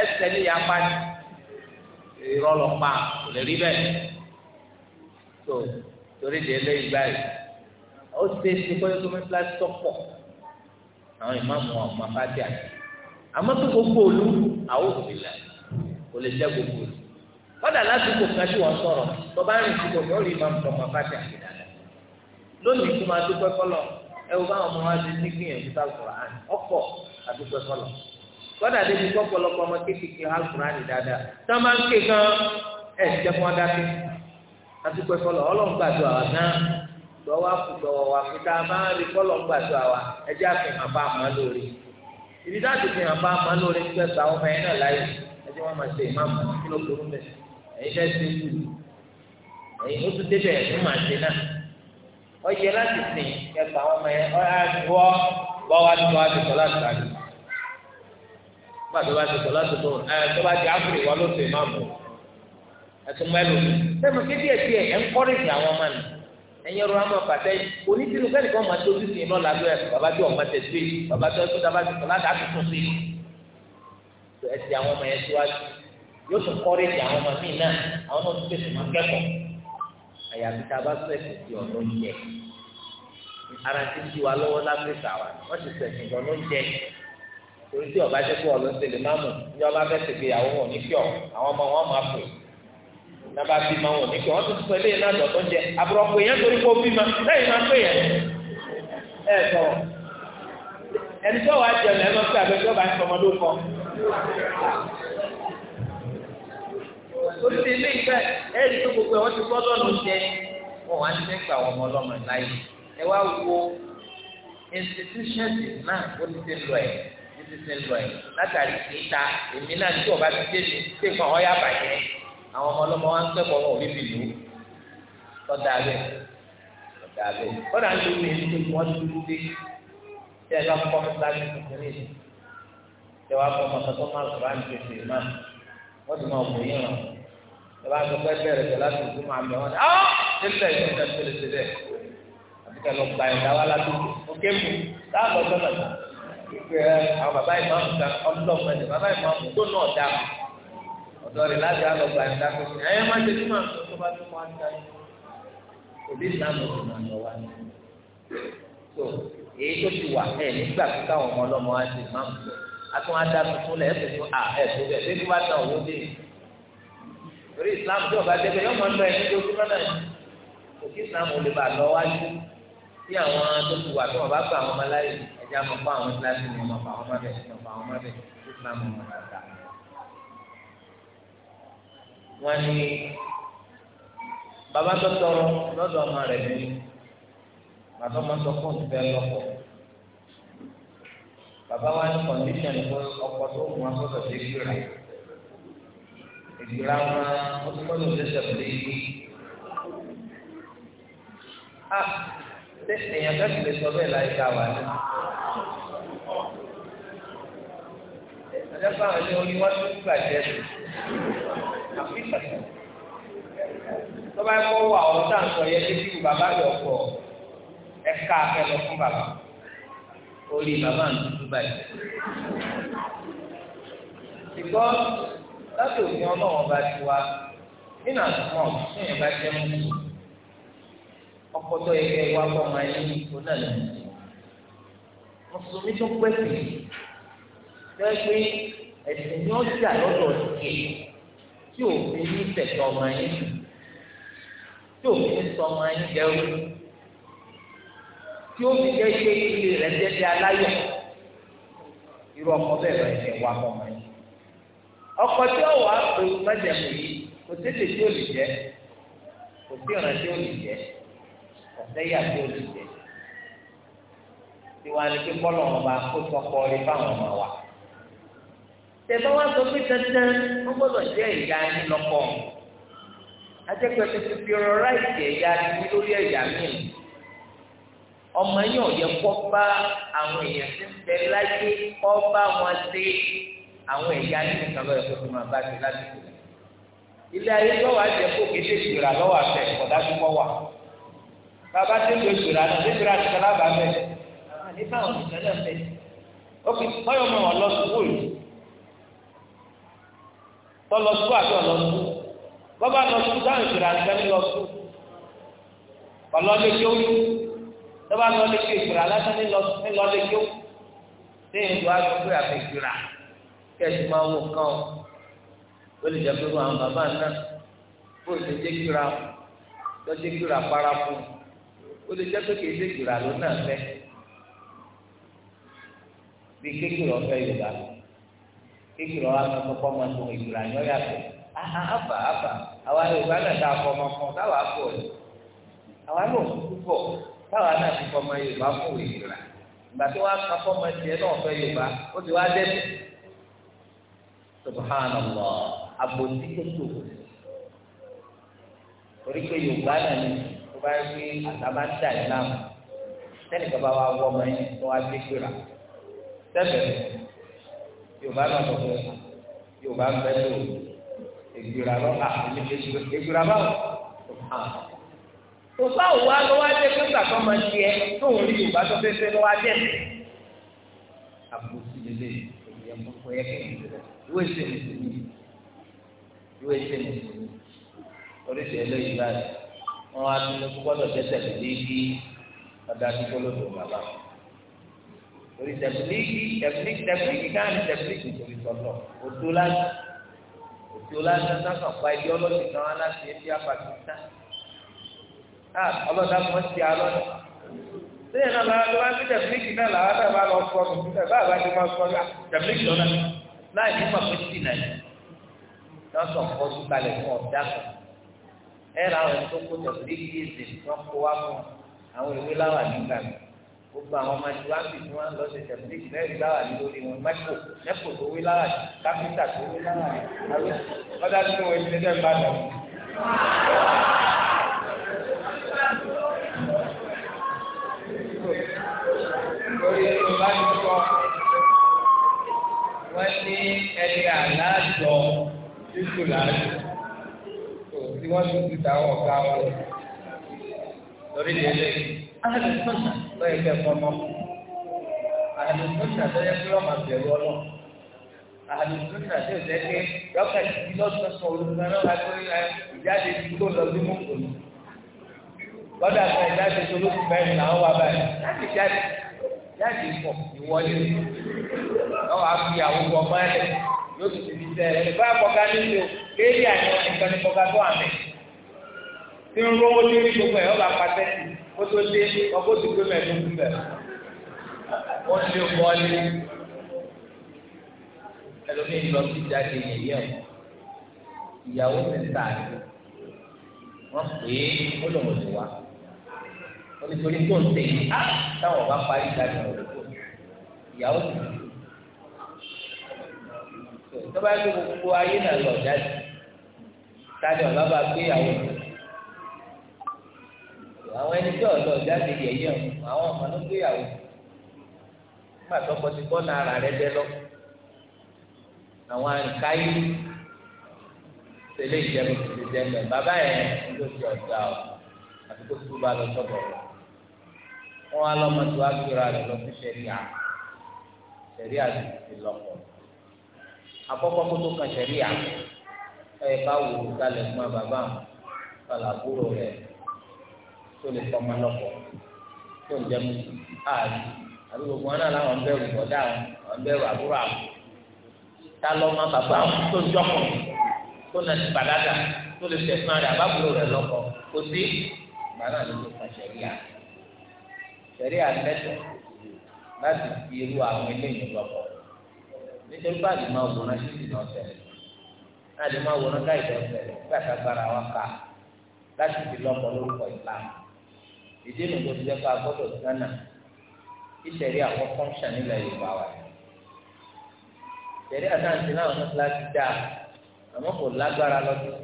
ẹsẹ̀ ní yapa ni irọ́ lọ pa kò lè rí bẹ́ẹ̀. torí lèrè ìgbà yìí ó ṣe é ṣe kọ́yọ́ tó mẹ́fìlá sọ́pọ̀ àwọn ìmáàmù ọ̀ma bá dé àmọ́ tó gbogbo òlu àwọn òbí là kò lè jẹ́ gbogbo òlu kọ́dà lásìkò kan tí wọ́n sọ̀rọ̀ bọ́bá rìn sí gbogbo ó rí ìmọ̀ ọmọ bàtà lónìí kó máa dúpẹ́ kọ́lọ̀ ẹ wo báwọn ọmọ wa ti ní gbìyànjú tá alukur'an ọ̀pọ̀ àdúpẹ́ kọ́lọ̀ kọ́dà débi kọ́ pọ̀lọpọ̀ ọmọ kékeré alukur'an dáadáa tá a máa ń ké gan ẹ̀ jẹ́ fún adáké àdúpẹ́ kọ́lọ̀ ọlọ́run gbàdúrà wa náà lọ́wọ́ àkùdọ̀wọ̀ wa kí tá a máa ń rí kọ́lọ̀ gbàdúrà wa ẹ jẹ́ àfihàn bá a máa lórí tá a ti fihàn bá a máa lórí ń gbẹ̀sà ọmọ yẹn náà láyé ẹ jẹ́ wọ́n máa ṣe ìmáàmù kí ló burú bẹ́ẹ̀ ẹ̀yin fẹ́ ṣe kù ẹ̀yin ó tún débẹ̀ ẹ̀dùn máa ṣe náà ọyẹ láti sìn kẹfà àwọn ọmọ yẹn ọyà wọ bọ́ wá tó wá ti sọ láti sàlù gbàdúrà ti sọ láti tó ẹ tó bá di áfírí wọn ló ṣe má mú ẹtùn mẹ́lò sẹ́mi kéde ẹ̀sì ẹ̀ ẹ̀ ń kọ́rìsì àwọn ọmọ nù ẹ̀yin ọ̀rọ̀ àmọ́ pàtẹ́ onítìlú kẹ́nìkan máa tó títì iná làbẹ́ bàbá tí ọmọ tẹ̀ sí bàbá tí ọtún dábàá ti sọ láti àtúntò sí ẹ̀sì àwọn ọmọ yẹn síwájú yóò tún kọ́rẹ́jì àwọn ọmọ mi náà àwọn náà tún tètè máa kẹ́kọ̀ọ́ àyàfi tá a bá sẹ̀sì sí ọ̀nà oúnjẹ ara ti di wa lọ́wọ́ láfíríkà wa wọ́n ti sẹ̀sì ọ̀nà oúnjẹ torí tí ọba jẹ́ pé ọ̀nà tẹ̀lé máa mú ní ọba fẹ́ tẹ̀lé àwọn ọmọ ní fíọ̀ àwọn ọmọ wọn máa fò nábà bí ma wọn ní fíọ̀ wọ́n tún sọ eléyìí náà dọ̀tọ́ jẹ àbúrọ̀pọ̀ yẹn torí kó bí ma lẹ́yìn máa pè yẹn ẹ sọ ẹni tí ọwọ́ àjẹmọ̀ ẹ máa pè àbẹ̀tí ọba ń sọmọdún kan orí ti ilé ìfẹ́ ẹ̀rí tó gbogbo ẹ̀ wọ́n ti gbọ́ lọ́nà jẹ wọn wá ní fẹ́ gbà wọn ọlọ́mọ láyé ẹ wá wo institution náà ó ti ti lọ ẹ̀ ó ti ti lọ ẹ̀ látàrí ìta èmi náà tí ọba ti dé mi tí nǹkan ọ̀yà bàjẹ́ àwọn ọmọ ọlọ́mọ wa ń kẹ́kọ̀ọ́ wọn ò rí mi lọ́dà bẹ́ẹ̀ lọ́dà bẹ́ẹ̀ kọ́dà ń lómi ẹni tó wọ́n dúró dé tí wá kọ́ ọmọ tó máa lọ́ọ́ bá ń pèsè máa wọ́n ti máa bò yín ràn tọ́lá tó pẹ́ bẹ̀rẹ̀ tọ́lá tó kú máa lọ wọn ni ọ́ tẹ́lẹ̀ yìí ọ̀dà tó lè ṣe dẹ̀ àti kẹ́ lọ gba ẹ̀dá wa ládùúgbò òkè mu táàbọ̀ sọ́nà ìpè àwọn bàbá ìmáàmù kan ọlọ́mọ ẹ̀dẹ̀ bàbá ìmáàmù tó náà dá ọ̀dọ́ rẹ̀ láti àlọ́ gba ẹ̀dá tó ṣe ẹ̀yẹ́ má ṣe tí màá tó bá tó máa ń dá yìí òbí ìsàmù ti máa lọ wá ní. tó èyí tó ti wà ẹ̀ nígbà tó torí islam tí ọba dẹgbẹ yọọ máa ń lọ ẹni tó dúró náà kò kí islam ò lè bá lọ wájú tí àwọn tó ti wà tí wọn bá gba àwọn ọmọ láyè ẹjẹ àwọn fún àwọn kíláàsì ni wọn fà wọn má bẹ wọn fà wọn islam ò máa ta. wọn ní bàbá tó tọrọ lọ́dọ̀ ọmọ rẹ̀ ní bàbá máa sọ fún òṣìṣẹ́ lọ́pọ̀ bàbá wa ní kọndíṣàn ìfọ ọkọ tó mú akọsọ sí gbéra girama ó ti gbọ́dọ̀ lẹ́sẹ̀ lé yí. a ṣe ah, èèyàn kẹ́kọ̀ọ́ lè sọ bẹ́ẹ̀ láyé ká wà ní. ẹ̀jẹ̀ báwọn ní orí wọ́n tún gbàjẹ́ sí. àfi pàtàkì. tọ́ba wà ọ́ sáǹsọ̀ yẹ kí bíbù bàbá yọ̀ pọ̀ ẹ̀ka akẹ́lọ fún bàbá orí bàbá ń dúdú báyìí. ṣùgbọ́n lábẹ́ òfin ọlọ́wọ́ bá ti wá nínú àtúmọ̀ ní ìbá jẹ́ mú ọkọ̀tọ̀ ẹgbẹ́ wa kọ́ máa yí ipò náà lẹ́nu mùsùlùmí tó pẹ́ sí fẹ́ pé ẹ̀sìn ni ó jà lọ́dọ̀ sí tí òfin ní tẹ̀tọ̀ ọmọ yín tí òfin sọ ọmọ yín dẹrú tí ó fi jẹ́ pé ilé rẹ̀ jẹ́ bí aláyọ̀ irú ọkọ̀ bẹ́ẹ̀ lọ́ọ́ ẹ̀sìn wa kọ́ máa ọkọ tí ó wà pé májàmú yìí kò sí èdè tí ó lè jẹ kò sí ọ̀nà tí ó lè jẹ kò sẹ́yà tí ó lè jẹ tiwa ni pé bọ́lọ̀ wọn bá kó sọkọ rí fáwọn ọmọ wa tẹ̀bá wa sọ pé dandan wọ́n gbọ́dọ̀ jẹ́ ìyá yín lọ́kọ ajẹ́pẹ́ fi ọ̀rọ̀ ráìtì ẹ̀yà ní lórí ẹ̀yà míì ọmọ yín ò yẹ kọ́ bá àwọn èèyàn tí ń bẹ láyé kọ́ bá wọn ṣe àwọn ẹ̀yà nínú kan lọ́yọ̀ tó máa bá ti láti kù. ilé ayé lọ́wọ́ àti ẹ̀kọ́ kéde ìṣura lọ́wọ́ àfẹ́ kọ̀dájú mọ́ wà. bàbá tó lo ìṣura náà tó ìṣura ti kọ́lá bàbá ẹ̀ nípa àwọn ìṣẹ̀lẹ̀ fẹ́. ó fi kọ́yọ̀ mọ́ wọn lọ sùkúl tọ́lọ sùkú àti ọ̀lọ sùkú bọ́bá lọ sùkú táwọn ìṣura ti fẹ́ lọ sùkú ọ̀lọ́ lé kí ó yú tọ́ba lọ ìṣura kẹ́sì máa wò kàn ọ́ ó lè jẹ́ pé wọ́n àwọn bàbá náà bó ṣe jẹ́ kíra tó jẹ́ kíra para fún ó lè jẹ́ pé kì í ṣe kíra ló náà fẹ́ bí kékeré ọ̀fẹ́ yorùbá kékeré ọ̀fẹ́ kọ́kọ́ máa tó ìgbìlá yọ yàtọ̀ àbà àbà àwa yorùbá náà dá akọ ọmọ kan táwa bọ̀ ọ́ àwa náà kúkú bọ̀ táwa náà ti fọmọ yorùbá fún ìgbìlá ìgbà tó wàá kakọ́ ọmọ tiẹ̀ náà fẹ́ yorùbá ó ti wá dẹ́sẹ̀. Subhana Allah, tó tó torí pé yorùbá náà ni tó bá yẹ pé àtàbá ń dà yín láàmú sẹ́ni kaba wa wọ́ ọmọ yín tó wá gbé gbéra sẹ́fẹ̀ yorùbá náà sọ pé yorùbá ń bẹ́ tó ègbéra lọ àti ègbéra báwo tó bá òwò alówó ajé pé máa ń tiẹ̀ tó ń rí yorùbá tó fẹ́ fẹ́ lọ́wọ́ ajé àbòsí lélẹ̀ èyí ẹ̀ mú fún ẹ̀ kẹ́yìn lélẹ̀ ìwé ṣe mùsùlùmí ìwé ṣe mùsùlùmí oríṣi eléyìí báyìí wọn wá tún ní gbọ́dọ̀ tẹsẹ lẹbi ọdá kíkọlọ tó bàbá torí tẹbílíkì tẹbílíkì tẹbílíkì káàní tẹbílíkì torí tọtọ òtó láti òtó láti sáfà pa ẹbí ọlọ́sìn náà láti ẹbí apàkìtà ọlọ́dà kan ti alọ́dà sẹ́yìn náà lọ́wọ́ tó bá ń gbé tẹbílíkì náà làwọn àgbà lọ fọ́ mi bá àbájọ máa fọ́ mi tẹbílíkì lọ́dà láì ní pàpẹ́sì náà yìí lọ́sọ̀ kọ́ sùkàlẹ̀ fún ọ̀dà kan ẹ ra àwọn ẹ̀sọ́ kó tọ̀ sí kéèzì wọn kó wá fún àwọn ìwé láwà nígbà mi gbogbo àwọn ọmọ ìwà bì fún wọn lọ́sẹ̀ tẹ̀síkì náà ìwé láwà ní lórí wọn mẹ́kò mẹ́kò tó wé láwà ní kápẹ́ńtà tó wé láwà ní ọ̀dà tó wọ́n ti wọ́n ní ẹni àlájọ títù láàjọ tó tí wọ́n tún ti táwọn ọ̀gá wọn lórí ilé alùpùpù lọ́yẹ̀ kẹ́ fọmọ alùpùpù lọ́yẹ̀ kí lọ́mọ bẹ̀rù ọlọ́ alùpùpù lọ́yẹ̀ kẹ́ kẹ́ lọ́kà tí lọ́sọ̀sọ̀ olùkọ́ náà wá lórí ìjáde tí tó lọ sí mọ́kòlù lọ́dà kan ìjáde tó lóṣù mẹ́rin làwọn wá báyìí láti jáde jáde pọ̀ ìwọlé lọ́wọ́ àfi àwùjọ mọ́lẹ̀ yóò tún ti sẹ́ ẹ̀ bá kọ́ka nílò kéèyì àyàn nìkan ní kọ́ka tó àmì tí ń rówó tó ní gbogbo ẹ̀ ọba pàṣẹ sí kó tó dé ọkọ̀ tó gbé mẹ́ẹ̀ tó gbé wọ́n lé wọlé ẹlòmíín lọ sí jáde yẹ̀yẹ́ ọ̀ ìyàwó ti ń ta àná wọ́n pè é ó lòun ò ti nítorí tó ń tẹ̀ á táwọn bá parí ìdájọ́ rẹ̀ kó ìyàwó tó tó tó bá gbé gbogbo ayé náà lọ jáde tájọ ọba bá gbé ìyàwó tó àwọn ẹni tí ọ̀dọ́ jáde yẹ̀yẹ́ àwọn ọmọ ló gbé ìyàwó nígbà tó kọ́ ti bọ́ náírà rẹ dẹ́ lọ àwọn àǹkáyé tẹ̀lé ìjẹun ti dẹ́gbẹ̀ bàbá yẹn ló ti ọ̀gá o àti kó tó bá lọ sọ́dọ̀ rẹ̀ wọn wá lọ́mọ tó wá gbéra rẹ̀ lọ sí sẹ̀ríà sẹ̀ríà sì ti lọ́pọ̀ àkọ́kọ́ kó tó kan sẹ̀ríà ẹ̀ ká wò ó kalẹ̀ fún wa bàbá àwọn kàlà àbúrò rẹ̀ tó lè fọmọ lọ́pọ̀ tó ń jẹ́ mi ààrẹ àbí gbogbo wọn náà làwọn bẹ̀rù bọ̀dá àwọn àwọn bẹ̀rù àbúrò àwọn ta lọ́mọ bàbá àwọn tó ń jọ́kọ̀ tó nà ní bàdàdà tó lè tẹ̀sán rẹ̀ àbábúrò rẹ̀ lọ́kọ̀ kò sí gbàdá ló tó kan sẹ̀ríà sẹ̀rí àtẹ̀tẹ̀ láti fi irú àwọn eléyìí lọ́pọ̀ nítorí bá àdìmọ́ òwòrán sí ìdìnnà ọ̀sẹ̀rẹ̀ àdìmọ́ òwòrán káyìdọ̀ ọ̀sẹ̀rẹ̀ gbàtàgbára wa kà láti fi lọ́pọ̀ lórúkọ ìlànà ìdí nu tó ti jẹ́ pé agbọ́dọ̀ gánà ìṣẹ̀rí àwọn fọ́nṣà nílẹ̀ Yorùbá wa ìṣẹ̀rí àtàǹtì náà wọn láti dáa àmọ́ kò lágbára lọ́dún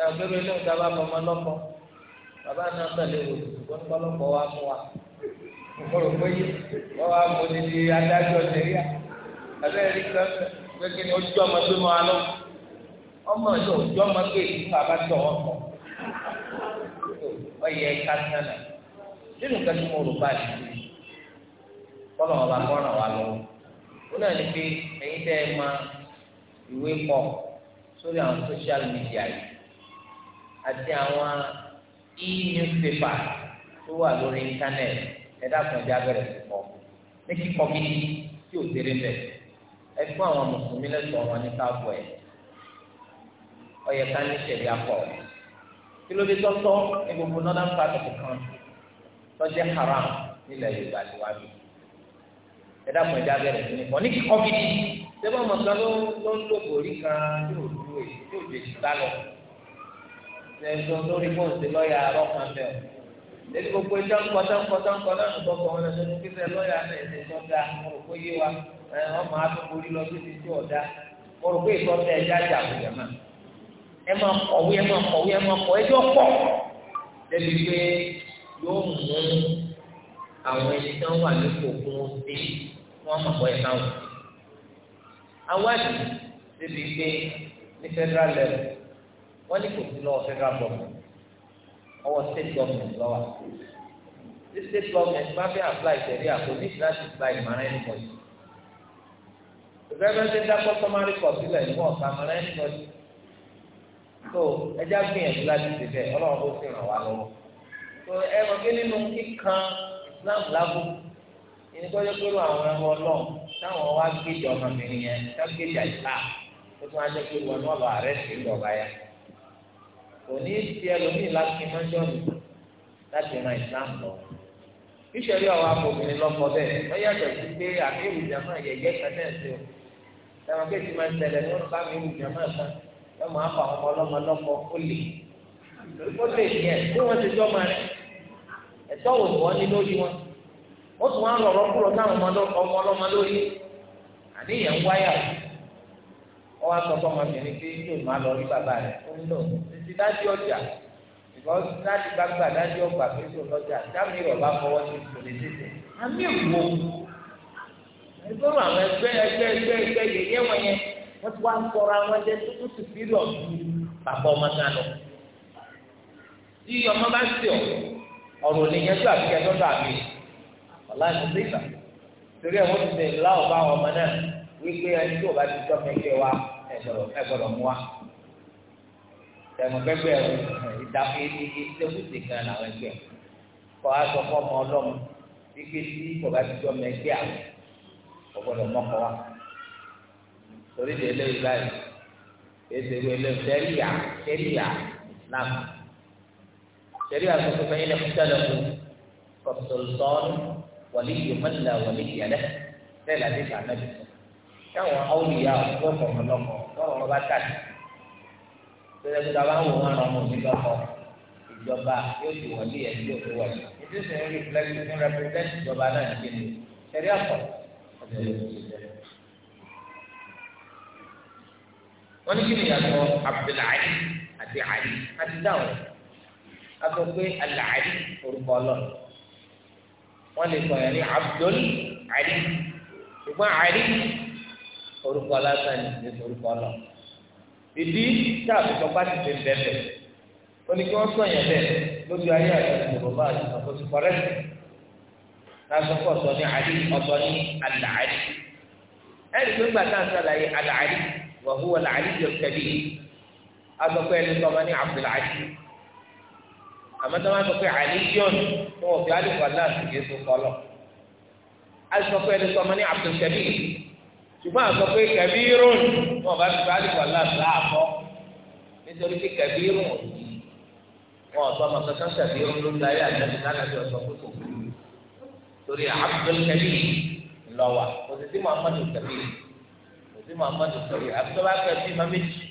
ẹ̀ ọ̀gbẹ́rẹ́ bàbá náà tẹ̀lé o wọ́n kọ́lọ́kọ́ wa mú wa kọ́lọ́ pé wọ́n wá mú ní di adájọ́ sẹ́ríà abẹ́rẹ́ rí kan pé ni ojú ọmọ gbé mọ́ alọ́ ọmọ yìí ojú ọmọ gbé bàbá tọ̀ wọ́n kọ́ nínú mo rò bá yìí bá social yìí àti e-newspaper tó wà lórí íńtánẹ́ẹ̀tì ẹ̀dá kan jẹ́ abẹ́rẹ́ kíkọ́ ní kíkọ́ gidi tí ò tẹ̀lé bẹ̀ ẹ fún àwọn mùsùlùmí lẹ́sọ̀ọ́ wọn ní káàbọ̀ ẹ̀ ọyẹ ká ní sẹ̀rí akọ̀ kí ló dé tọ́tọ́ ní gbogbo northern part of the country tọ́jú haram nílẹ̀ Yorùbá ti wá bí ẹ̀dá kan jẹ́ abẹ́rẹ́ kíkọ́ ní kíkọ́ gidi ṣé bá ló ń lò borí kan tí ò dúró lẹ́yìn tó lórí fóònù lọ́ọ̀yà ọlọ́kan bẹ́ẹ̀ lẹ́yìn gbogbo ẹjọ́ ńkọ tó ńkọ tó ńkọ náà ńkọ kọ́ ọ́nà tó kí sẹ́ lọ́ọ̀yà náà ẹ̀sẹ̀ tó ga mo rò pé yé wa ọmọ àtúkùrí lọ sí ti tí ọ̀dà mo rò pé ìtọ́ tẹ ẹja jà wò yẹn máa ẹ máa kọ̀wé ẹ máa kọ̀wé ẹ máa kọ̀ ẹjọ́ pọ̀ débi pé yóò mú àwọn ẹni tó wà nípò fún ọdẹ wọn mọ̀ pọ̀ ẹ̀ káwọn. awádìí débi pé ní federal level wọ́n ní kò sí lọ́wọ́ federal government ọwọ́ state government lọ́wọ́ tí state government bá fẹ́ apply tẹ̀lé àkóní láti apply ìmọ̀ràn ẹni pọ̀ yìí ìgbẹ́fẹ́sẹ̀ dá customary court sílẹ̀ ní wọ́n ọ̀sán ìmọ̀ràn ẹni pọ̀ yìí tó ẹja gbìyànjú láti ṣe bẹ́ẹ̀ ọlọ́run ó sì ràn wá lọ́wọ́ tó ẹ mọ̀ pé nínú kíkan Islam lágbo ìníkọ́jọ́ pẹ̀lú àwọn ẹ̀rọ ọlọ́run táwọn wá gbéjọ ọmọbìnrin yẹn tá gbéjà ìta tó tún á jẹ́ pé wọn náà lọ àrẹ́sì ńlọ báyà. kò ní ti ẹlòmíì láti mọ́jọ́nù láti ran islam lọ. ìṣẹ̀lẹ̀ ọ̀wá obìnrin lọ́kọ bẹ́ẹ̀ wọ́n yàtọ̀ sí pé àkéwì jàmọ́ yẹ̀yẹ́ kan náà ṣe o. ẹ̀wọ̀n kéèké máa ń tẹ̀lé ní ọ̀nà ìwì kan máa ọmọ ọlọ́mọ lọ́kọ ó lè. ó lè yẹ wọ́n ti rẹ̀ ẹ̀tọ́ wò wọ́n ní lórí wọn. ó tún wá kúrò táwọn ọmọ ọlọ́mọ lórí wọ́n wá sọ fún ọmọbìnrin pé yóò máa lọ rí bàbá rẹ̀ ó ń lò títí dájú ọjà ìbọn láti gbàgbà dájú ọgbà pé yóò lọ́jà dámì rẹ̀ bá fọwọ́ sí ìṣòlè títì àmì ìwò ìgbọ́rọ̀ àwọn ẹgbẹ́ ẹgbẹ́ ẹgbẹ́ ẹgbẹ́ yẹyẹ wọn yẹn wọ́n ti wá ń tọrọ àwọn ẹgbẹ́ tó tó ti fi rí ọ̀dù bàbá ọmọ náà lọ. tí ọmọ bá sì ọ ọ̀rọ̀ ò lè yẹn tó àbí ọ̀la ní sígbà torí ẹ̀ wọ́n ti sè láwọ̀ bá ọmọ náà wípé ẹni tó bá ti tọ́ mẹ́kẹ́ wa ẹ gbọ́dọ̀ mú wa tẹmọ pẹpẹ ẹ ìdàpọ̀ ìdẹkùtì kan làwọn ẹgbẹ́ kọ aṣọ fọmọ ọlọmọ ike tí bàbá ti jọ mẹ gbé àwọn ọgbọ́dọ̀ mọkọ wa torí de eléyìí báyìí ezèrú eléyìí sẹríà sẹríà islam sẹríà sọsọ fẹyìn lẹkùn sẹlẹkùn kọsọlọsọ wàlíyìí mọlẹ wàlíyìí ẹlẹ bẹ́ẹ̀ làdé kà nàbẹ sọ táwọn awùyá wọn fọmọ lọkọ lọrọ wọn bá tàbí tẹ́lẹ̀ tó dábàá wò wọn lọmọ mi lọkọ ìjọba yóò ti wọlé ẹ yóò fi wọlé ètò ìsìn rí fúlẹ́gì fún rẹpẹtẹ́tì ìjọba náà nìké ni ẹ̀rí àpọ̀ ọ̀dọ̀ yóò ti jẹ. wọ́n ní kí ìyàtọ̀ abdullahi àti ali àti dáhùn a pé alaali orúkọ ọlọ́run wọ́n lè sọ yẹn abdul ali ṣùgbọ́n ali orúkọ lásán ní orúkọ lọ ìdí táàbù sọpá ti fi bẹ̀bẹ̀ ó ní kí wọ́n sọ yẹn bẹ́ẹ̀ lójú ayé àti ìgbòho àti ìsọfọ́sí kọ́rẹ́tì lásọpọ̀ sọ ní àdí ọ̀sọ́ ní àlàáyé ẹ̀rí pé gbàtà ń sàlàyé àlàáyé wàhú wà làálí yóò tẹ̀lé azọpọ̀ ẹni sọmọ ní abdulhadi àmọ́tọ́mọ́ azọpọ̀ àlí yóò ní wọ́n fi àdìgbò aláàtì yéésù kọ́lọ̀ azọpọ̀ ẹni sọmọ ní abdulkabir ṣùgbọ́n àgbọ̀ pé kẹbírùn ní ọba ti bá dìbò aláàbò àbọ̀ nítorí pé kẹbírùn wọn ọ̀tọ́ ọmọ kankan kẹbírùn ló ń darí àtẹ̀sí lánàbí ọ̀sọ́ pé kò kúrú torí Abdul Kabir lọ́wà kò sì sí Muhammadu Kabir kò sí Muhammadu Kabir Abdul Kabir bí mami jì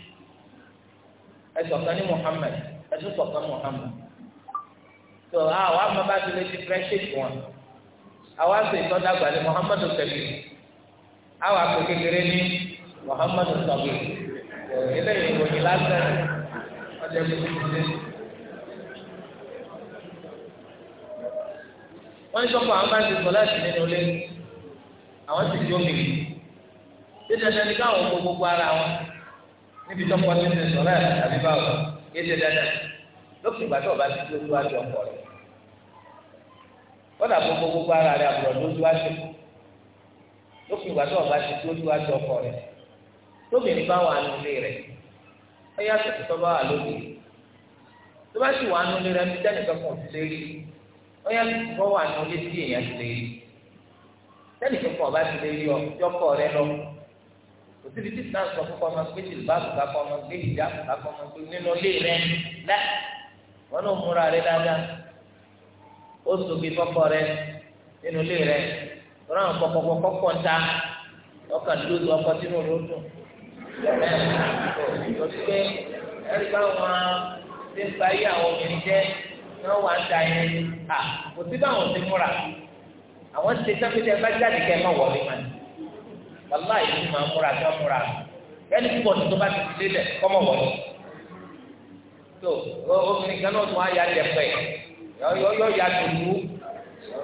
ẹ sọ̀kan ní Muhammad ẹ tún sọ̀kan Muhammad tó àwọn amọ̀ bá ti lè ti fẹ́ ṣèkù wọn àwọn àti ìtọ́jú àgbà ní Muhammadu Kabir. awa àpò kekere ni Muhammadu sọ̀bì eléyìí ìròyìn lásán ọjọ́ ìgbésí wọ́n ní sọ́kọ̀ àwọn bá ń ti sọ láti àwọn ti di omi yìí dandan ni káwọn gbogbo gbogbo ara wọn níbi tọ́kọ ti ti sọ àbí báwo yé ṣe lókè ìgbà tó o bá ti tó ọkọ rẹ dà gbogbo gbogbo ara rẹ àbúrò ọkọ lókun ìgbà tó ọba ti tó níwájú ọkọ rẹ tóbìnrin bá wà nílé rẹ ó yàtọ̀ tó tọ́ bá wà lóde tó bá sì wà nílé rẹ ní tẹ́lẹ̀ kankan ti lè rí ó yàtọ̀ tó bá wà nílé tí èèyàn ti lè rí tẹ́lẹ̀ kankan ọba ti lè rí ọkọ rẹ lọ kò síbi tí sinasi sọ fún kọ́mọ gbé tìlbáàbù kakọ́ ọmọ gbé ìjáàbù kakọ́ ọmọ gbé nínú ilé rẹ lẹ́ wọn náà múra rẹ dáadáa ó sọ bí fọ́kọ rẹ nínú ilé rẹ tọ́lá àwọn kọ̀kọ̀kọ̀ kọ̀kọ̀ ń ta ọkàn lóòótọ́ ọkọ̀ sínú lóòótọ́ ẹ̀ lọ́sí pé ẹ̀rí báwọn ṣe ń fa iye àwọn obìnrin jẹ́ náà wà ń ta yẹn à kò sí báwọn ti múra àwọn ti sẹ́kítẹ́ bá jáde kẹ́ ẹ má wọlé mà ní wàlá yìí ti máa múra tó múra ẹni púpọ̀ tó tó bá ti ti lélẹ̀ kọ́mọ wọlé tó obìnrin kan náà tó wá ya lẹ̀ pẹ̀ yọ yọ ya dùdú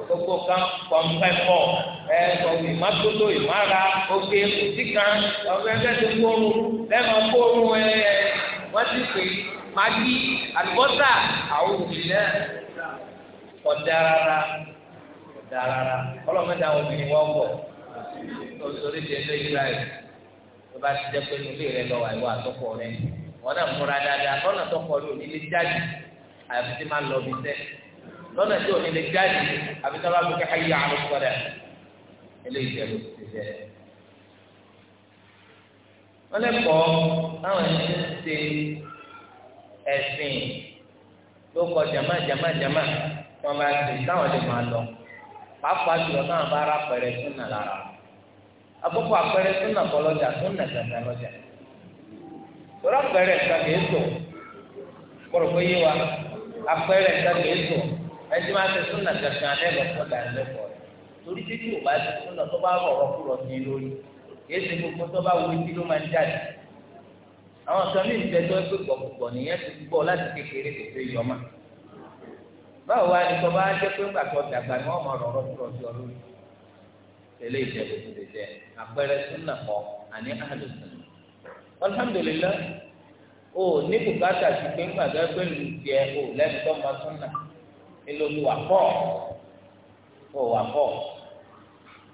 gbogbo kan pọ̀npẹ́ pọ̀. ẹ̀sọ̀gbìn ìmọ́tótó ìmọ̀ra oge òtíkà ọ̀rẹ́ ẹgbẹ́sẹ̀ fóònù lẹ́nu fóònù ẹ̀ wọ́n ti pè magi àlùbọ́sà àwọn ọlọ́mọdé àwọn obìnrin wọ́n bọ̀ ti ẹgbẹ́ tó bá ti jẹ́ pé nílé rẹ lọ́wọ́ àìwọ́ àtọ́kọ rẹ wọ́n náà múra dáadáa lọ́nà tọkọ rẹ òní lè eléyìí tẹ̀lé ti jẹ́ wọ́n lẹ́kọ̀ọ́ táwọn ẹni tí ń ṣe ẹ̀sìn ló kọ jama jama jama wọn bá ti táwọn lè máa lọ pàápàá jùlọ táwọn bá ara pẹrẹ súnà lára àkókò àpẹrẹ súnà kọlọjà súnà gàdà lọjà lọ́rọ̀ àpẹrẹ ìtàgé ètò kọ̀rọ̀ pé yé wa àpẹrẹ ìtàgé ètò ẹtí máa ti súnà gàdà lẹ́lọ́kọ̀ọ́ dà lẹ́kọ̀ọ́ torí títí ò bá ti fún lọ tó bá rọrọ kú lọ sí lórí èsì gbogbo tó bá wo etí ló máa ń jáde àwọn kan ní ìtẹ́jọ́ pé gbọ̀gbọ̀gbọ̀ nìyẹn ti gbọ́ láti kékeré kò tó yọ ọmọ báwo wá ní sọba á jẹ pé ńgbà tó dàgbà ni wọn mọ rọrọ kúrọ sí ọ lórí tẹlẹ ìjẹbù tó lè jẹ àpẹẹrẹ súnà kọ àní àlò sùn alhamdulilá o ní bùkátà ti pé ńgbà tó gbẹlú tiẹ o lẹnu tó máa súnà ìlòlùwà kò wà kọ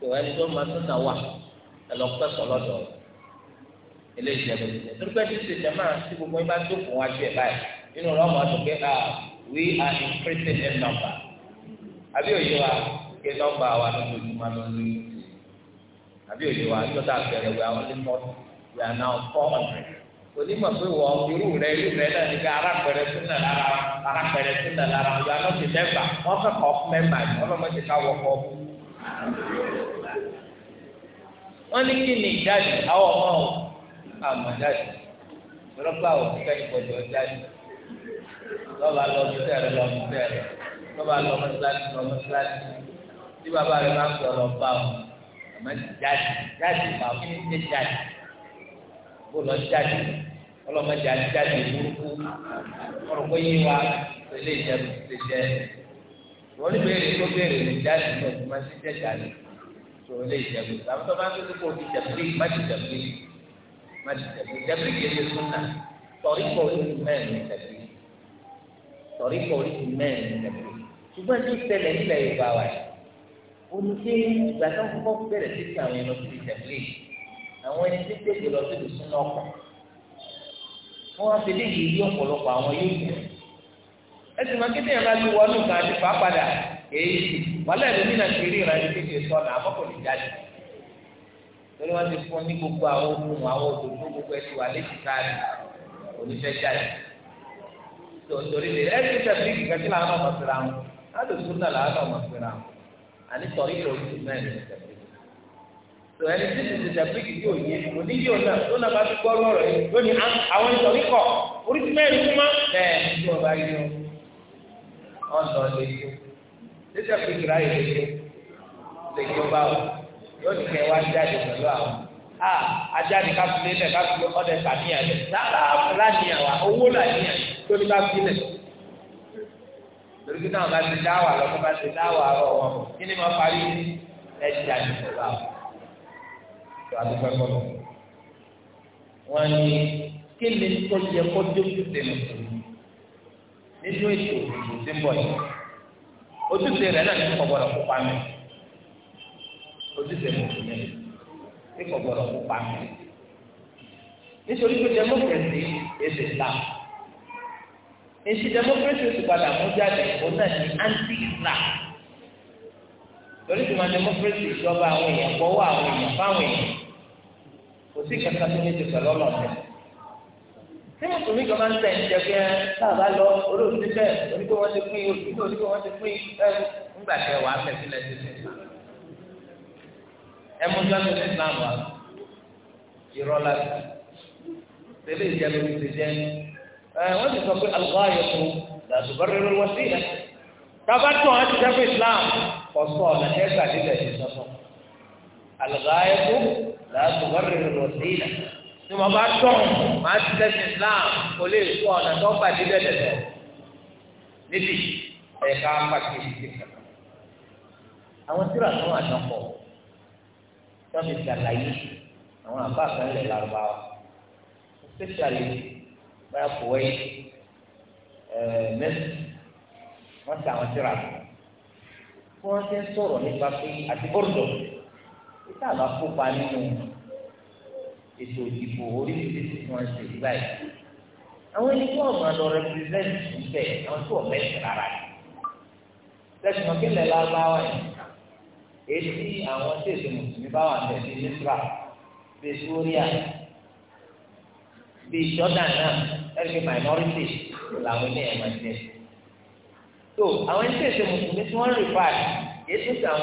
tó ẹni tó máa tó náà wà ẹlọpẹ sọlọdọ eléyìí jẹ lórí ẹ torí tí ti máa tí gbogbo yín bá tó fún wájú ẹ báyìí nínú ọ̀rọ̀ ọmọ àtúnkẹ à ah, we are increasing in number àbí òye wa ké nọ́mbà wa lójoojúmọ́ lórí àbí òye wa yóò dà bẹ̀rẹ̀ wẹ àwọn ní we are now four hundred onímọ̀ pé wọ́n irú rẹ irú rẹ náà níbi arákùnrin súnà lára arákùnrin súnà lára ìgbà náà ti dẹ́gbà wọ́n fẹ́ kọ́ mẹ́mbà yìí wọ́n lọ́mọ ti ká wọ́ kọ́ fún. wọ́n ní kí ni ìdájì àwọn ọmọ ò àmọ̀ dájì rọ́bà ò fẹ́ ìbọ̀dọ̀ dájì lọ́ba lọ bíṣẹ́ rẹ lọ bíṣẹ́ rẹ lọ́ba lọ mọ́sálásí lọ mọ́sálásí tí bàbá rẹ máa ń sọ̀rọ̀ bá ò àmọ́ dájì dájì bá ò kí ni ṣe dájì bó lọ dájì ọlọmọdé àtijáde burúkú ọrùkọ yìí wa tẹ́lẹ̀ ìjẹun ti jẹ wọn ní béèrè tó béèrè lè jáde tó tó máa ti jẹ jáde tó lè ìjẹun àwọn tó máa ń tó kó ti jẹpé má ti jẹpé má ti jẹpé jẹpé yìí ti sún náà tọrí kọ orí mẹ́rin jẹpé tọrí kọ orí mẹ́rin jẹpé ṣùgbọ́n tó ṣẹlẹ̀ nílẹ̀ Yorùbá wa oníṣẹ́ ìgbà ń kọ́ bẹ̀rẹ̀ sí àwọn ẹni tó ti jẹpé àwọn ẹni tó ti wọ́n á ti lé yìí rí ọ̀pọ̀lọpọ̀ àwọn yóò tẹ̀. ẹ sì máa kéde ìrìnàjò wọn lù kàn àti fà padà èyí wàhálà ìlú nínà ndị rí ìrìnàjò kéde sọ̀nà àbọ̀kọ̀ lè jáde. lórí wọn ti fún ní gbogbo àwọn ohun àwọn òdòdó gbogbo ẹ ti wà létí káàdì onífẹ́ jáde. tòǹtòrí lè ẹ ti tẹ̀sí na làwọn ọmọ fẹ́ra wọn láti sún náà làwọn ọmọ fẹ́ra wọn àní náà tò ẹni tí tètè tẹ̀pílìkì yóò yé òní yóò náà tó náà bá ti gbọ́ lọ́rọ̀ yìí lónìí ah, àwọn ìtọ̀ níkọ̀ oríṣi mẹ́rin kú mọ́ bẹ́ẹ̀ ní ọba yìí ó ọ̀nà lẹ́yìn tètè tẹ̀pílìkì ráyè lẹ́yìn lẹ́yìn ọba o yóò ní kẹ́ wá jáde pẹ̀lú àwọn ah, a ajáde káfílẹ̀ lẹ̀ káfílẹ̀ ọ̀dẹ sàníyàn lẹ̀ lára láníyàn wa owó làníyàn tó ní káfílẹ̀ torí kí táwọn bá ti dáwà lọ kó bá ti dáwà rọ wọn kí ni wọn parí ẹja ìṣẹ̀lẹ̀ àwọn adúgbò kọlọ wọn ni kí ni tó yẹ kó dókítà tẹlẹ nínú ètò ìdìbò ń bọ̀ yìí ojúṣe rẹ̀ náà ní kò kópa mi ojúṣe mùsùlùmí ní kò kópa mi nítorí pé democracy èdè islam èsì democracy oṣù padà mú jáde òun náà ní anti islam lórí ìgbìmọ̀ democracy ìjọba àwọn èèyàn gbọ́wọ́ àwọn èèyàn fáwọn èèyàn kò sí kàkà tó ní ti pẹ̀lú ọ̀nà ọ̀fẹ́. tí mùsùlùmí kan máa ń tẹ̀ ǹjẹ́ pé káàbá lọ olóòtú bẹ́ẹ̀ oníkó wọ́n ti pín oṣù oníkó wọ́n ti pín ẹrú ńgbà tẹ wà á fẹ̀sílẹ̀ ti sè. ẹ mú jọ́sìn ní Islam wa irọ́ láti tẹ́lẹ̀ ìjẹ́ lórí ti jẹ́ wọ́n ti sọ pé alùpàá yẹ kó làtúbọ̀rẹ́ ló wọ́n sí ilẹ̀ tába tó wọn ti sẹ́fún Islam kọ̀ ọ̀nà ẹ̀ka làásù wọ́rẹ̀ rẹ̀ sílẹ̀ tí mo bá tọ̀ máa ti tẹ̀sí Islam kò lè kọ́ ọ̀nà tó ń bàjẹ́ bẹ́ẹ̀ tẹ̀ níbi ẹ̀ka pàkíyèsí ti kàn. àwọn tíra tó wà náà pọ̀ tó fi ṣàlàyé àwọn àbá kan lè especially báyà kò wáyé mẹ́sì wọ́n ti àwọn tíra kọ́ wọ́n ti ń sọ̀rọ̀ nípa pé àti bọ́ọ̀dọ̀ ìta bá kópa nínú ètò ìdìbò oríṣiríṣi tí wọ́n ṣe nígbà yìí àwọn ẹni tí wọ́n máa lọ rẹpírẹsẹ̀ntì níbẹ̀ àwọn tí wọ́n mẹ́sìn rárá yìí lẹ́sìn ọ̀kẹ́lẹ̀ lágbáwá yìí èyí tí àwọn tí èso mùsùlùmí bá wà tẹ̀sí nípa bíi sóríà bíi jordan náà ẹ̀rí minority làwọn ilé ẹ̀ máa jẹ́ tó àwọn ẹni tí èso mùsùlùmí tí wọ́n rí báyìí èyí tó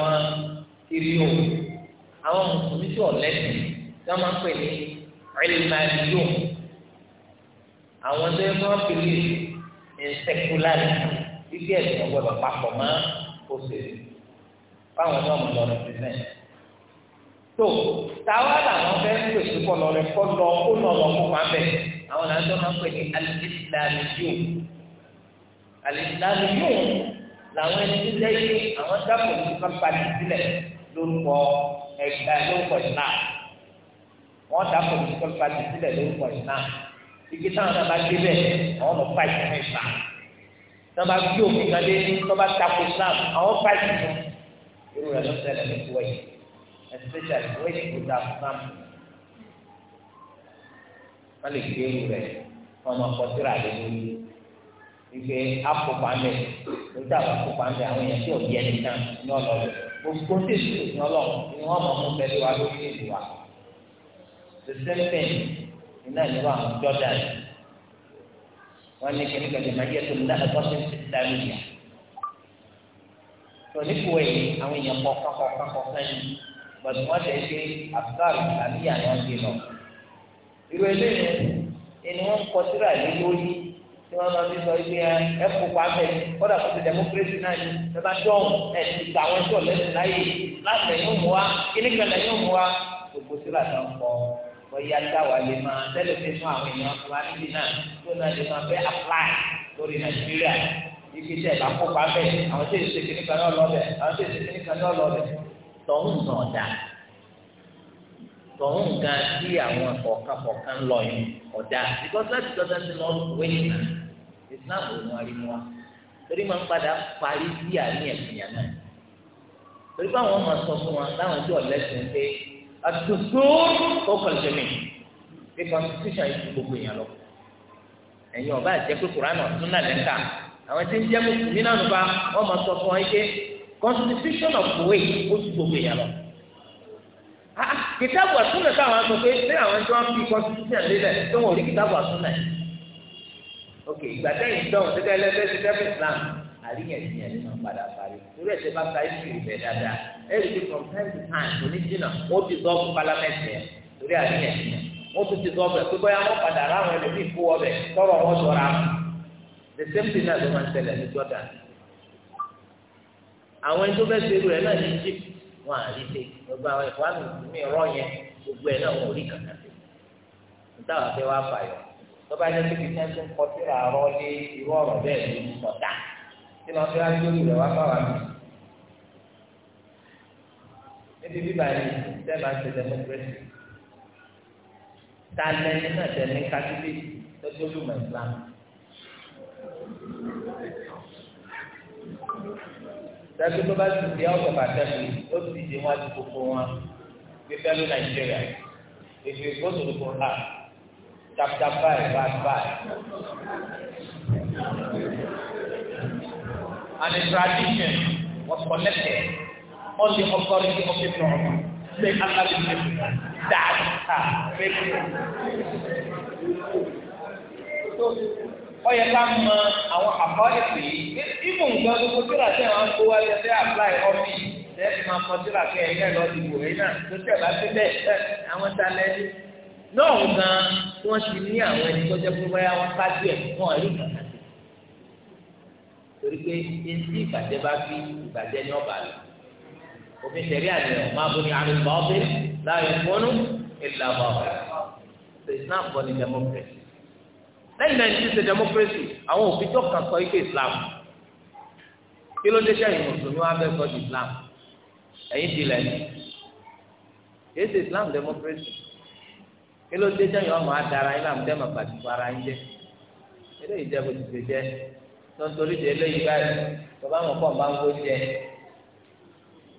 àwọn mùsùlùmí tí ọ̀lẹ́sìn tí wọ́n máa ń pè ní ẹlẹ́màlíyò àwọn tó yẹ kí wọ́n pèlè ìsẹ̀kúlárì ibi ẹ̀sìn ọgbọ́dọ̀ papọ̀ mọ́ òṣèlú fáwọn ní ọmọ lọ́rọ̀ pẹ̀lẹ́. tó táwa làwọn fẹ́ pè sí kọlọ rẹ kọlọ ó lọ lọ kó máa bẹ̀ àwọn làwọn tó máa ń pè ní alìsílámìyò alìsílámìyò làwọn ẹni tó jẹ́ yé àwọn dábòbò tó bá balẹ̀ sílẹ̀ lórúkọ ẹ̀ka lórúkọ islam wọ́n dá political party sílẹ̀ lórúkọ islam igi táwọn náà bá dé bẹ́ẹ̀ àwọn lọ fight fún islam náà bá gbé òfin kan dé náà bá tako islam àwọn fight fún irú rẹ̀ ló ń ṣẹlẹ̀ ní kuwait especially kuwait kò dá islam wọ́n lè gbé irú rẹ̀ wọ́n máa kọ́ síra rẹ̀ lórí ìgbé akópa mẹ́ lójú àwọn akópa mẹ́ àwọn èèyàn tí gbogbo tí èsì òfin ọlọ́run ni wọ́n mọ̀ mú bẹ́ẹ̀ wá lórí èdè wa the same thing iná ìlú àwọn Jordan wọ́n ní kíní kan jẹ̀mọ́ ayé tó ń dá ẹ̀kọ́ sí ti dá lórí à tó ní kúwèé àwọn èèyàn kọ̀ọ̀kan kọ̀ọ̀kan kọ̀ọ̀kan yìí bàtú wọ́n tẹ̀ ṣe àfikàrù àbí àwọn gbé lọ irú eléyìí ni wọ́n kọ síra ìlú lórí tí wọn máa fi sọ ibi ẹ ẹ kó pa bẹ kódà kó ti democracy náà ni bàbá dọ́ọ̀n ẹ ti ta àwọn ẹjọ́ lẹ́sìn láàyè láti yóò mú wa kíní kẹlẹ̀ yóò mú wa gbogbo sí làtà ń kọ bóyá táwa lè máa tẹ́lẹ̀ fi fún àwọn èèyàn fún wa náà tó náà lè máa fẹ́ apply lórí nàìjíríà ibi tẹ̀ bá kó pa bẹ àwọn tí èsì kíní kan náà lọ bẹ àwọn tí èsì kíní kan náà lọ bẹ tọ̀ ń nà tọ̀hún gan sí àwọn kọ̀ọ̀kan kọ̀ọ̀kan lọ yìí ọ̀dà because láti dọ́dá sí lọ́ọ́ wé nìyà Islam ò mú arimu wa torí máa ń padà parí sí àníyàn ìyàn náà torí pé àwọn ọmọ sọ fún wa láwọn tí ọ̀lẹ́sìn pé àtúntò tó kọ̀ọ̀ṣẹ́ mi pé constitution yìí ti gbogbo èèyàn lọ ẹ̀yin ọba àjẹ́ pé Kùránì ọ̀tún náà lẹ́ka àwọn tí ń jẹ́ mùsùlùmí náà nípa wọ́n máa sọ fún wa yìí pé constitution of way ó ti gbogbo èèyàn lọ. Ah, ah, kìtàbù àtúnlẹ̀ táwọn sọ pé ṣé àwọn tí wọ́n fi constitution lélẹ̀ tó wọn ò rí kìtàbù àtúnlẹ̀ ok ìgbà tẹ́yìn dán ṣẹ́gá ẹlẹ́fẹ́ ṣẹ́gá fún Islam àríyànjiyàn ni wọ́n padà parí torí ẹ̀ṣẹ̀ bá ka ìṣù ìbẹ̀ dáadáa ẹ̀rí ti from time to time kò ní jìnnà wọ́n ti sọ́ọ̀bù parliament yẹn torí àríyànjiyàn wọ́n tún ti sọ́ọ̀bù ẹ̀ pé bóyá wọ́n padà ráwọn ẹlòmíì kó the same thing náà ló máa ń ṣẹlẹ̀ ní Jordan àwọn ẹni tó fẹ́ ṣerú ẹ̀ náà ní Egypt wọn à rí ṣe gbogbo àwọn ẹ̀kọ́ àmì ìsinmi ọ̀rọ̀ yẹn gbogbo ẹ̀ náà wọn ò rí kàkà sí i níta wàá fẹ́ wá fàyọ̀ lọ́ba jẹ́ pé kìí ṣe ń kọ́ sí àárọ̀ lé irú ọ̀rọ̀ bẹ́ẹ̀ ló ń tí wọ́n fẹ́ wá lórí rẹ̀ wá àmì. níbi bíbá yìí ṣe ń ṣe democracy ta lẹ́yìn náà tẹ̀lé kájúbí lọ́jọ́ lùmọ̀ ìsìlámù dájú tó bá ti di ọ̀sọ̀ pàtẹ́kì ó ti di wọn ti gbogbo wọn fífẹ́ ní nàìjíríà if you go to the Quran chapter five verse five and the tradition was collected on the authority of the norm say Allah be with you that ah make you ó yẹ ká mọ àwọn àbọ̀ ètò yìí ibùn gan gbogbo tíra tẹ̀ wọ́n kó wá yẹ fẹ́ apply ọ́fíìsì tẹ́ fi máa kọ tíra kẹ́ ẹ̀yẹ́ lọ dìbò ẹ̀yìn náà tó tẹ̀ bá fi bẹ́ẹ̀ àwọn ta lẹ́yìn náà gan wọ́n ti ní àwọn ẹni tó jẹ́ pé bóyá wọ́n kájú ẹ̀ wọ́n rí kàkà sí torí pé etí ìbàjẹ́ bá fi ìbàjẹ́ ní ọ̀bà lọ òfin tẹ̀lé àdìrẹ̀ máa bọ́ ní lẹ́yìn náà ti ṣe democracy àwọn òfin tó kàn sọ ike islam kí ló dé sẹ́yìn mùsùlùmí wá fẹ́ sọ di islam ẹ̀yìn ti lẹ̀ kìí ṣe islam democracy kí ló dé sẹ́yìn ọmọ adara islam dẹ́mọ̀ pàtìkù ara ń jẹ́ eléyìí jẹ́ bó ti ṣe jẹ́ tó ń torí ṣe eléyìí báyìí tó bá wọn kọ́ ọ̀n bá ń gbó jẹ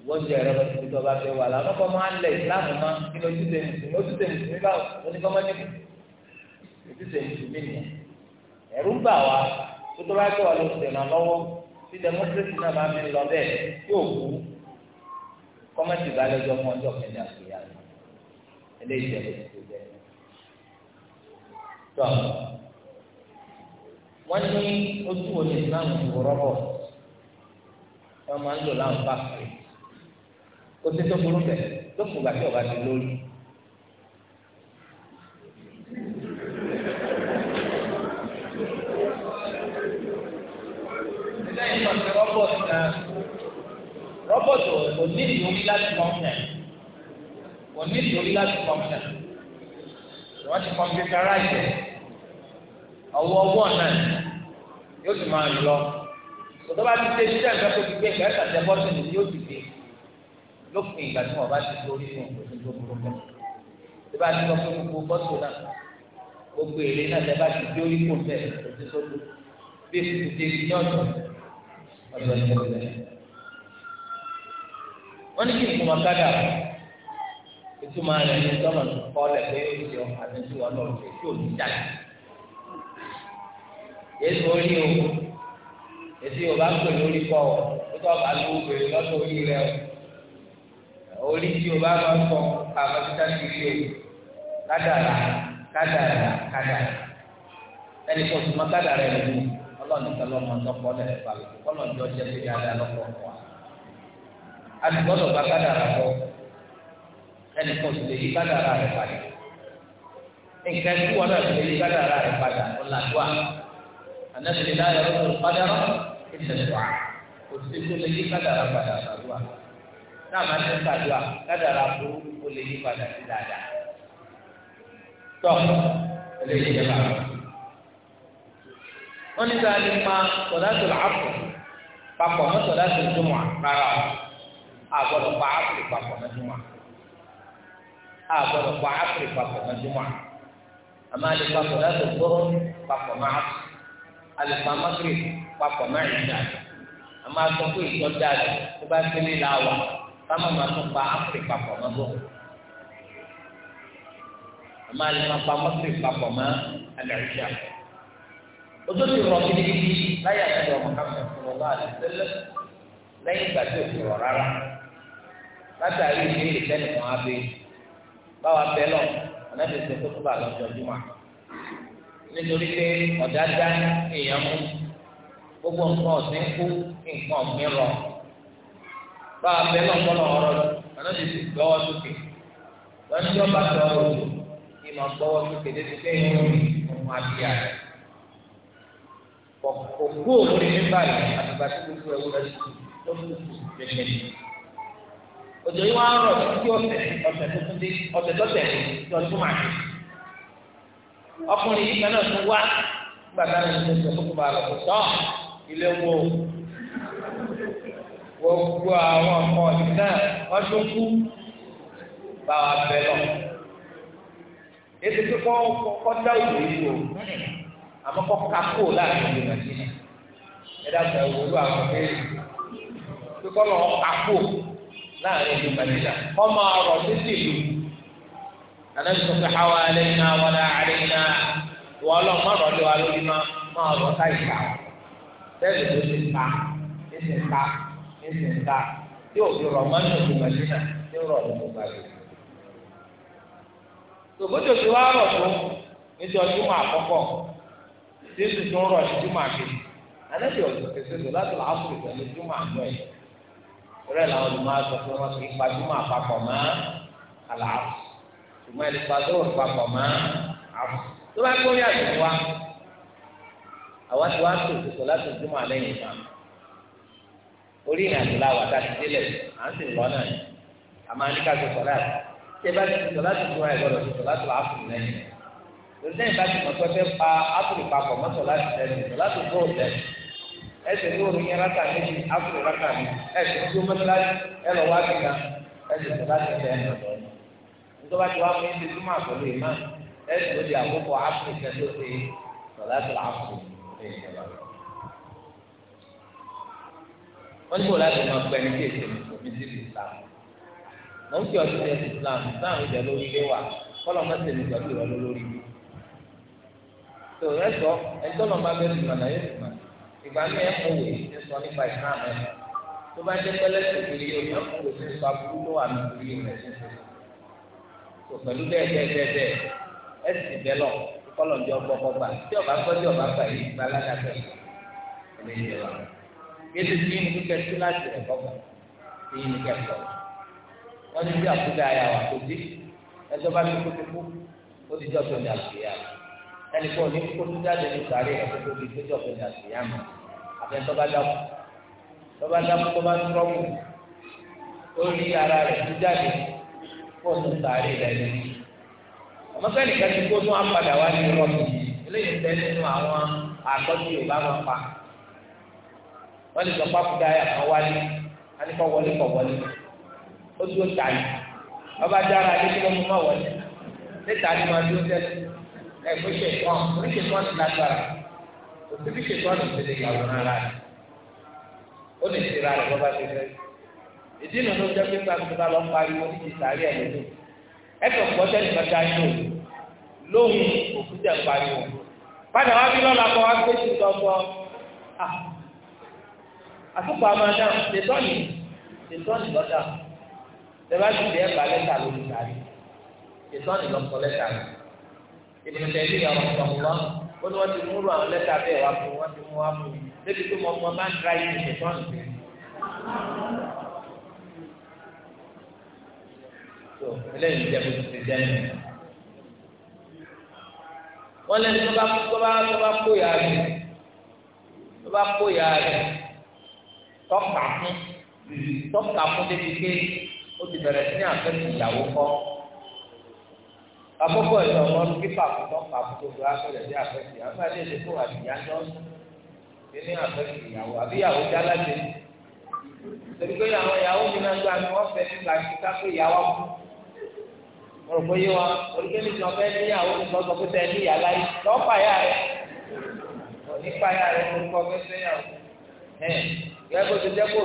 wọ́njẹ rẹ lọ́sibítọ́ bá fẹ́ wà lánàá kọ́ máa ń lẹ̀ islam mọ́ kí ló ti ṣe mùsùlùmí ó ti ṣe mùsùlùmí báwo ìtúsẹ̀ ìtúmí nìyẹn ẹ̀rú ń bà wá tó tó bá tẹ̀wá ló tẹ̀ náà lọ́wọ́ tí democracy náà bá mi lọ bẹ́ẹ̀ yóò kú kọ́mẹ́tì bá lọ́jọ́ fún ọjọ́ kẹlẹ́ àgbéyà eléyìí tẹ̀lé tó jẹ́ tọ́ wọ́n ní ojú wo ni Islam ti wọ́rọ́ bọ̀ máa ń lò láǹfààní kó tètè burú bẹ̀ lókùn gbàtí ọba ti lórí. òní ìyórí láti kọ́mínà òní ìyórí láti kọ́mínà wọ́n ti kọ́mpútaráìsì ọwọ́ ọwọ́ náà yóò sì máa lọ òtọ́ bá ti dé sílẹ̀ nígbà tó ti gbé ìgbà ẹ̀ka tẹ bọ́sì ni yóò ti dé lópin ìgbà tí wọ́n bá ti lórí fún òkú tó burú kẹ́ tí bá ti lọ fún gbogbo bọ́sì náà gbogbo èrè náà tẹ bá ti dé orí fún bẹ́ẹ̀ òtítọ́ bí èsì ti dé ní ọ̀dọ̀ ọ̀dọ̀ ìjọba wọ́n ní kí ìtumọ̀ kádà ìtumọ̀ rẹ̀ ní sọ́nà kọ́ lẹ̀ pé ó ti ọ̀ àti tí wọ́n lọ sí tí ò ní dà yéésù orí o èsì ò bá pè lórí kọ́ ọ ó tọ́ bá lówó pèrè lọ́sọ̀ orí rẹ o orí tí o bá máa ń kọ́ àwọn títà sí ilé kádàrà kádàrà kádàrà ẹnì kan ìtumọ̀ kádàrà ẹ̀ lónìí ọlọ́ọ̀nì kan lọ́mọ ọ̀tọ̀ kọ́ lẹ̀ fà lọ́kọ́ lọ́ọ̀dì ọjọ́ alùpùpù gba kádàrà bọ ẹnìkan sì lè yí kádàrà rẹ padà nǹkan tí wọn náà sì lè yí kádàrà rẹ padà ọ̀là tó a ànábìlì náà yọ ọdún kádàrà ìtẹ̀tọ̀ a kò sí kó lè yí kádàrà padà ọ̀là náà máa ti ń kàdúrà kádàrà bó o lè yí padà sí dáadáa tọ́ eléyìí jẹ́ bàbá wọ́n ní sáà ní ma sọ̀dá tó làákù papọ̀ mọ́ sọ̀dá tó tó mọ́ rárá o àgbọ̀dọ̀ pa áfìrì papọ̀ mọ́júmọ́ àgbọ̀dọ̀ pa áfìrì papọ̀ mọ́júmọ́ àmọ́ alẹ́ papọ̀ láti gbọ́rọ́ papọ̀ máa alẹ́ pa mọ́kìrì papọ̀ máa rìn dà àmọ́ asọ́kù ìtọ́jà rẹ̀ tó bá tẹ́lẹ̀ la wà kámọ́ máa tún pa áfìrì papọ̀ mọ́bọ̀ àmọ́ alẹ́ pa mọ́kìrì papọ̀ máa alẹ́ rìn dà ojú ti rọ̀ gidigidi láyà ẹ̀rọ mọ̀ká mọ̀ lọ́wọ́ àdìsẹ́lẹ̀ lẹ́yìn ìgbà tí ò látàrí ìbéèrè sẹ́ni kan á béèrè báwa bẹ lọ ọ̀nàbẹ̀ ṣe tó kúbà lọ́jọ́ jùmọ̀ nítorí pé ọ̀dà dá èèyàn mú gbogbo nǹkan ọ̀sìn kú nǹkan ọ̀gbìn rọ báwa bẹ lọ kọ́ lọ ọ̀rọ̀ ọ̀nàbẹ̀ ṣe gbọ́wọ́ sókè lọ́nà tí wọ́n bá tọ ọ̀rọ̀ òjò kí máa gbọ́wọ́ sókè débi pé ìhun àbíyá rẹ̀ kò kú òun ní báyìí àtìgbà tí gbogbo ẹ̀wọ́ rẹ̀ tó kú òjò yìí wọn rọ títí ọ̀sẹ̀ ọ̀sẹ̀ tó tún dé ọ̀sẹ̀ tó tẹ̀lé tí wọn tún máa dé ọkùnrin yìí kan náà tún wá gbàgbá náà tún sọ fún bàbá rẹ tọ ilé wo gbogbo àwọn ọmọ yìí náà wọn tún kú báwa bẹ lọ ètò tó kọ́ kọ́ dá òjò yìí o àmọ́ kọ́ kakó láàrin ìlú nàìjíríà ẹ̀dá sọ̀rọ̀ wọlé àwọn ọmọ yìí tó kọ́ lọ́ọ́ kakó láàrin ìlú Madina wọ́n máa rọ̀ títí ìlú ànábìsọ̀ pé hawa alayna wala alayna wọ́n lọ má rọ̀ lé wa lórí má máa rọ̀ táyì ká bẹ́ẹ̀ ló ti ta ní ti ta ní ti ta tí òbí rọ̀ má ní òbí Madina ní rọ̀ ní gbogbo tòbótò ti wá rọ̀ tó níjọ́ júmọ̀ àkọ́kọ́ tí tuntun rọ̀ ní júmọ̀ àgbẹ̀ ànábìsọ̀ pèsè lọ́dọ̀ láti làásù ìgbàlódé júmọ̀ àgbẹ̀ yìí rẹ̀ làwọn olùmọ̀ àgbà pé wọ́n kì í pàjùmọ̀ àpapọ̀ mọ́ àlàáfù ṣùgbọ́n ẹni pàjọ́ àpapọ̀ mọ́ àfù tó bá gbórí àtúntò wa àwa ti wá tó ìṣòṣò láti ìdúmọ̀ alẹ́ yìí kan orí ìrìn àjò la wà tá a ti délẹ̀ à ń sì lọ náà a máa ní ká tó sọ láti ṣé bá ti sọ láti ìdúmọ̀ ẹ̀ gbọ́dọ̀ sọ láti wà á lẹ́yìn lórí lẹ́yìn bá ti mọ̀ pé fẹ́ pa ápùlù ẹsẹ̀ ní orin yẹn rákà méjì áfúrò rákà mi ẹsẹ̀ ní gbọmọdúnlájú ẹ lọ wá gbìgbà ẹsẹ̀ tó bá ti tẹ ẹ lọ́dọ̀ nítorí wá ti wá fún ẹsẹ̀ túmọ̀ àkọlé ìmọ̀ ẹsẹ̀ ló di àkókò áfúrò kẹtó ṣe sọlá tó áfúrò ní ìjọba wọn ní kò láti máa gbẹ ní kéèké omi sí Islam mọ n kí ọdún ní ẹsẹ̀ Islam Islam ìjẹ lórí ilé wa kọlọ mọ sẹni pẹ̀lú ìrọ̀lẹ́ lórí mi tó ẹsọ ẹjọ lọ máa ìgbà mi ẹ̀ mú wò ní sọ nípa ìsìlámù ẹ̀ tó bá jẹ́ pẹ́lẹ́ tó kiri yóò yọ mú wò ní sọ abúlé tó wà ní kiri yóò rẹ̀ tó pẹ̀lú bẹ́ẹ̀ bẹ́ẹ̀ bẹ́ẹ̀ bẹ́ẹ̀ ẹ̀ sì bẹ́ lọ kọ́lọ̀ jọ gbọ́kọ́ gbà tí ọba gbọ́ tí ọba gbà yìí gba aládàbẹ̀ ẹlẹ́yìn wa yéésù tí yín kúkẹ́ sí láti rẹ̀ kọ́kọ́ tí yín kẹ́kọ̀ọ́ wọ́n ti bí àkúdà ayà wà kò sí ẹjọ́ bá fi kúkú kú ó ti jọ́ tó ní àkúyà rẹ̀ ẹnì kan ní kó tó jáde ní sàárè àkókò bíi péjọ pé dà sí yàmà àfẹ tó bá dákú tó bá dákú tó bá tọrọmù ó rí ara rẹ̀ tó jáde kó tó sàárè rẹ̀ ní. ọmọkẹ́ nìkan ti kó tó wọn padà wá ní rọ́ọ̀mù eléyìí tẹ́ nínú àwọn àtọ́jú yorùbá máa pa wọ́n lè sọ pápúdà yà kan wálé anikọ wọlé kọ wọlé ó dúró tàyè ọba dára adé kí ló wọlé níta ni máa dúró tẹ́lẹ̀ ẹgbẹ́ ṣètọ́n orí ṣètọ́n ti lágbára òsì bí ṣètọ́n ti lè yàwó rárá rẹ̀ ó lè ṣe ra rẹ̀ bọ́ bá ṣe fẹ́. ìdí nu ló jẹ́ pé nígbà tó bá lọ pariwo ní ìsàrí ẹ̀ lójú ẹ̀tọ́ pọ̀ sẹ́ni kọjá yóò lóhùn òkú jẹ́ pariwo. padà wá bí lọ́la kọ́ wá gbé sí ìdọ́gbọ́ àtúpọ̀ àmọ́ náà ṣètọ́n ni ṣètọ́n ni lọ́dà tẹ bá ti di ẹ̀ bá lẹ́tà lórí ìsàrí ṣètọ́n ni lọ́kọ lẹ́tà rẹ̀ ìdìbò tẹ̀lé ìyàwó ọ̀gbọ̀ngbọ̀ ó ní wọ́n ti múrò àwọn lẹ́tà bẹ́ẹ̀ wá fún wọ́n ti mú wá fún un débi tó mọ ọmọ máa ń dra yìí ní ìtọ́nù bẹ́ẹ̀. tó eléyìí jẹ́ bó ti jẹ́ nù. wọ́n lé tó bá tó bá tó bá kó ìyá rẹ̀ tó bá kó ìyá rẹ̀ tọ́ka fún tọ́ka fún débi pé ó ti bẹ̀rẹ̀ sí àfẹ́ ìyàwó kọ́ àkọ́kọ́ ẹ̀ ọmọ kíkà fúnpọ̀ kà fún gbogbo akọ̀lẹ̀ bí àfẹ́sì àfẹ́sì ẹ̀ fún àtìyá jọ́sùn ní àfẹ́sì ìyàwó àbí ìyàwó jálájẹ torí pé àwọn ìyàwó mi náà gba ni wọ́n fẹ́ nígbà tí káfí ìyàwó kú mo rò pé yé wa oríkèémí tí wọ́n fẹ́ ní ìyàwó mi sọ sọ pé tẹ ní ìyàlá yìí lọ́pàá yà rẹ̀ nípa yà rẹ̀ mo kọ́ fẹ́ fẹ́ yàwó ẹ̀ gẹ́gẹ́ bó ti jẹ́ kó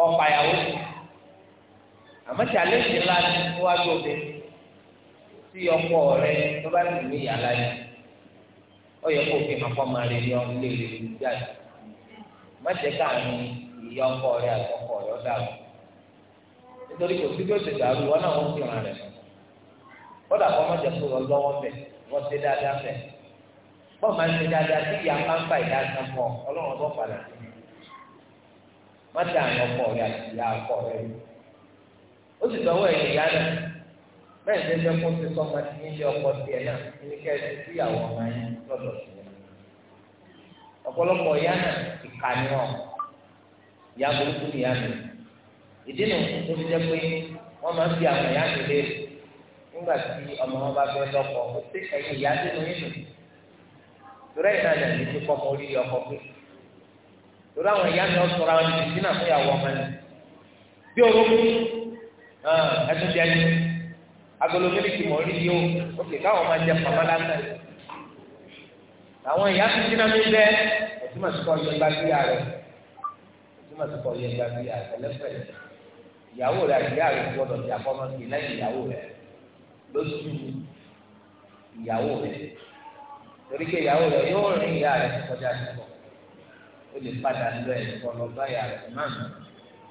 o fi àmọ́ challenge ńlá ni wọ́n á gbòde ọkọ rẹ tó bá sì ní ìyàlá yìí ó yẹ kó fi hàn fọmọ rẹ ní ọmọ ilé rẹ jáde má jẹ káàánú ìyá ọkọ rẹ àtọkọ rẹ ọdàrú nítorí kò sí bí ó ṣe dàrú wọn náà ó sì dánwó ẹ̀yìn ìyá náà bẹ́ẹ̀ ṣe fẹ́ fún ti sọ́mọ ti ní ọkọ tiẹ̀ náà ní ndị sí ndị ọmọ yẹn lọ́dọ̀ sí i ọ̀pọ̀lọpọ̀ ìyá náà ni wọn ìyá burúkú ni ìyá ìdí nu tó ti jẹ́ pé wọ́n máa ń fi àwọn ìyá mi nígbà tí ọmọ wọn bá fẹ́ lọ́kọ̀ ó ọkọ pé àwọn ìyá náà ẹtún jẹ ẹni agolo mílíkì mọ orí yìí o òkè káwọn máa jẹ pàmò lásán àwọn ìyá tó jiná mi bẹ ẹtún màsí kọ yẹ gbàgbéyà rẹ ẹtún màsí kọ yẹ gbàgbéyà rẹ lẹfẹ ìyàwó rẹ àti ìyá rẹ gbọ́dọ̀ ti àkọmọ sí lẹ́yìn ìyàwó rẹ lóṣù ìyàwó rẹ torí pé ìyàwó rẹ yóò rìn ìyá rẹ kọjá síbọ ó lè padà lọ ẹ kọ lọ bá ìyá rẹ máa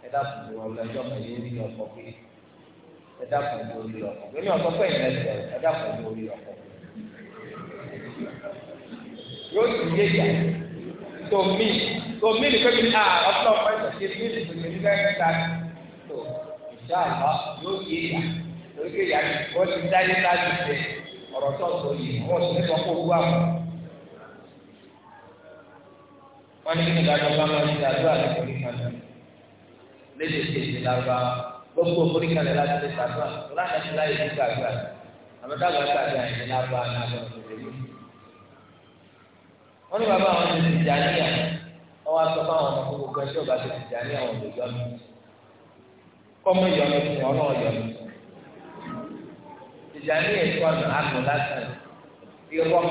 ẹ dákun lọ lọ ẹjọ́ kan yóò rí ẹ̀dá kan ní orí ọkọ̀ lórí ọ̀sọ́ pé ìrìn ẹsẹ̀ ẹ̀dá kan ní orí ọkọ̀ yóò sì yé ìyá tó mí tó mí ní pẹ́ẹ́bí ní ọ̀sán ọ̀pọ̀ ẹ̀sẹ̀ tí mí ní pẹ̀lú nígbà ẹ̀ka tó ìṣá àbá yóò yé ìyá lórí pé ìyá wọ́n ti dáyé láti ṣe ọ̀rọ̀ tó sọ yìí wọ́n sì ní kọ́kọ́ owó àwọn. wọ́n ní kí ni ìdájọ́ bá máa ń ṣe àdúrà lẹ́kọ̀ọ́ nípa náà lédè kejì lára ó kó orí kalẹ̀ láti lè gbàgbà lọ́la nàìjíríà láyé ní gbàgbà àmọ́tàgbà gbàgbà yìí ní abọ́ àná àbọ̀ òṣèlú. wọ́n ní bàbá àwọn ti jà níyà wọ́n wá sọ fáwọn ọmọ gbogbo kan tí ti jà níyà wọn lè yọ mí. kọ́mọ fún ọ náà yọ mí. ìjà níyà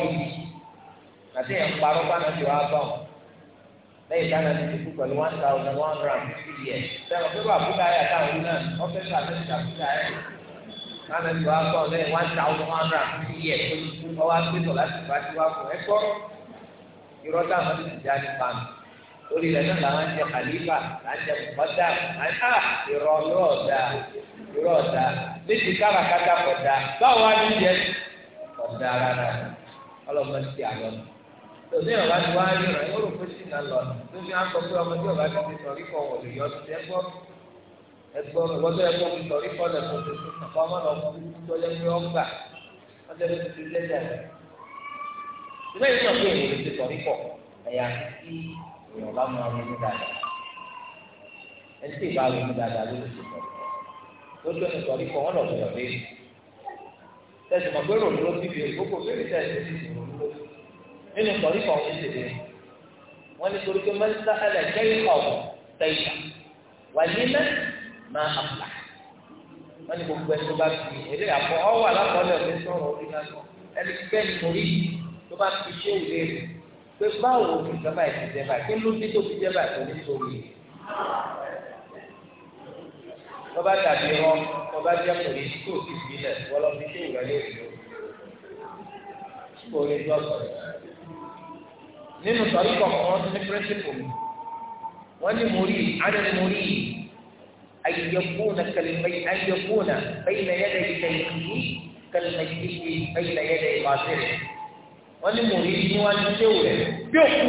mi àti lẹ́yìn táwọn ẹni ti kú pẹ̀lú one thousand one hundred and fifty years sẹ́wọ̀n pé bàbá bùdá ayé àtàwọn ọdún náà ọ́fẹ́sì àtẹ́sì àbúdá ayé láti ẹ̀sìn wàá kọ́ lẹ́yìn one thousand one hundred and fifty years tó ti kú ọwọ́ agbẹ́tọ̀ láti bá ti wá fún ẹ gbọ́ irọ́ táwọn ti dìjà ní pàmì lórí rẹ̀ náà làwọn jẹ kàlífà làwọn jẹ mọ̀tà àyà irọ́ irọ́ ọ̀dà irọ́ ọ̀dà létí kárakáta kọ̀dà báwo wá ní jẹ ọ̀dà rárá ọlọ́mọ ti àlọ́ mi tòlẹ́ ọ̀la ti wá rí rẹ̀ yóò rò pé sí ìlànà lọ tó fi akọ pé ọmọ tí ọba ti fi sọ̀rí kọ̀ wọ̀ lè yọ ọtí ẹgbọ́ ẹgbọ́ ìwọ́dọ̀ ẹgbọ́ fi sọ̀rí kọ̀ lẹ̀ fún tuntun nàfọ̀ ọmọ lọ fún tó lẹ́ pé ọgbà ọjọ́ ló ti fi lẹ́jà rẹ̀. ìbẹ́ yìí sọ̀kú èyí lè ti sọ̀rí kọ̀ ẹ̀yà tí èèyàn bá mọ ọmọ ní dáadáa ẹni tí ìbá rẹ̀ ní dáadáa ló ti sọ̀rí kọ̀ lójú ọ̀nà sọ̀rí kọ̀ nínú ìsọ̀rí kan ọ̀hún ṣe bèrè wọ́n ní torí pé mẹ́ta ẹ̀lẹ̀ jẹ́ ìkọ̀wọ̀ tẹ̀yà wà nílẹ̀ máa àpà wọ́n ní gbogbo ẹni tó bá fi èdè àpọ̀ ọwọ́ alákọ̀ọ́lẹ̀ ọ̀dẹ́ sọ̀rọ̀ orí náà ẹni bẹ́ẹ̀ torí tó bá fi ṣé ìwé rẹ̀ pé báwo ni ìjọba ẹ̀ ti jẹ báyìí kí ló dé tó fi jẹ báyìí tó ní sórí tó bá dàbí ọ tó bá jẹ́ pẹ̀lú tó ti fi lẹ̀ wọ́n lọ fi ṣé ìwé rẹ̀ lé nínú sọ̀rí kọ̀ọ̀kan ní píríncípù mi wọ́n ní mo rí adẹ́ni mo rí ayẹ̀kúnà kẹlẹ́mẹ́ ayẹ̀kúnà bẹ́yìn ayẹ́dẹ́ ìkẹyìí kẹlẹ́mẹ́ ìkẹyìí bẹ́yìn ayẹ́dẹ́ ìbáṣẹ́rẹ́ wọ́n ní mo rí níwájú tẹ́wò rẹ̀ bí òkú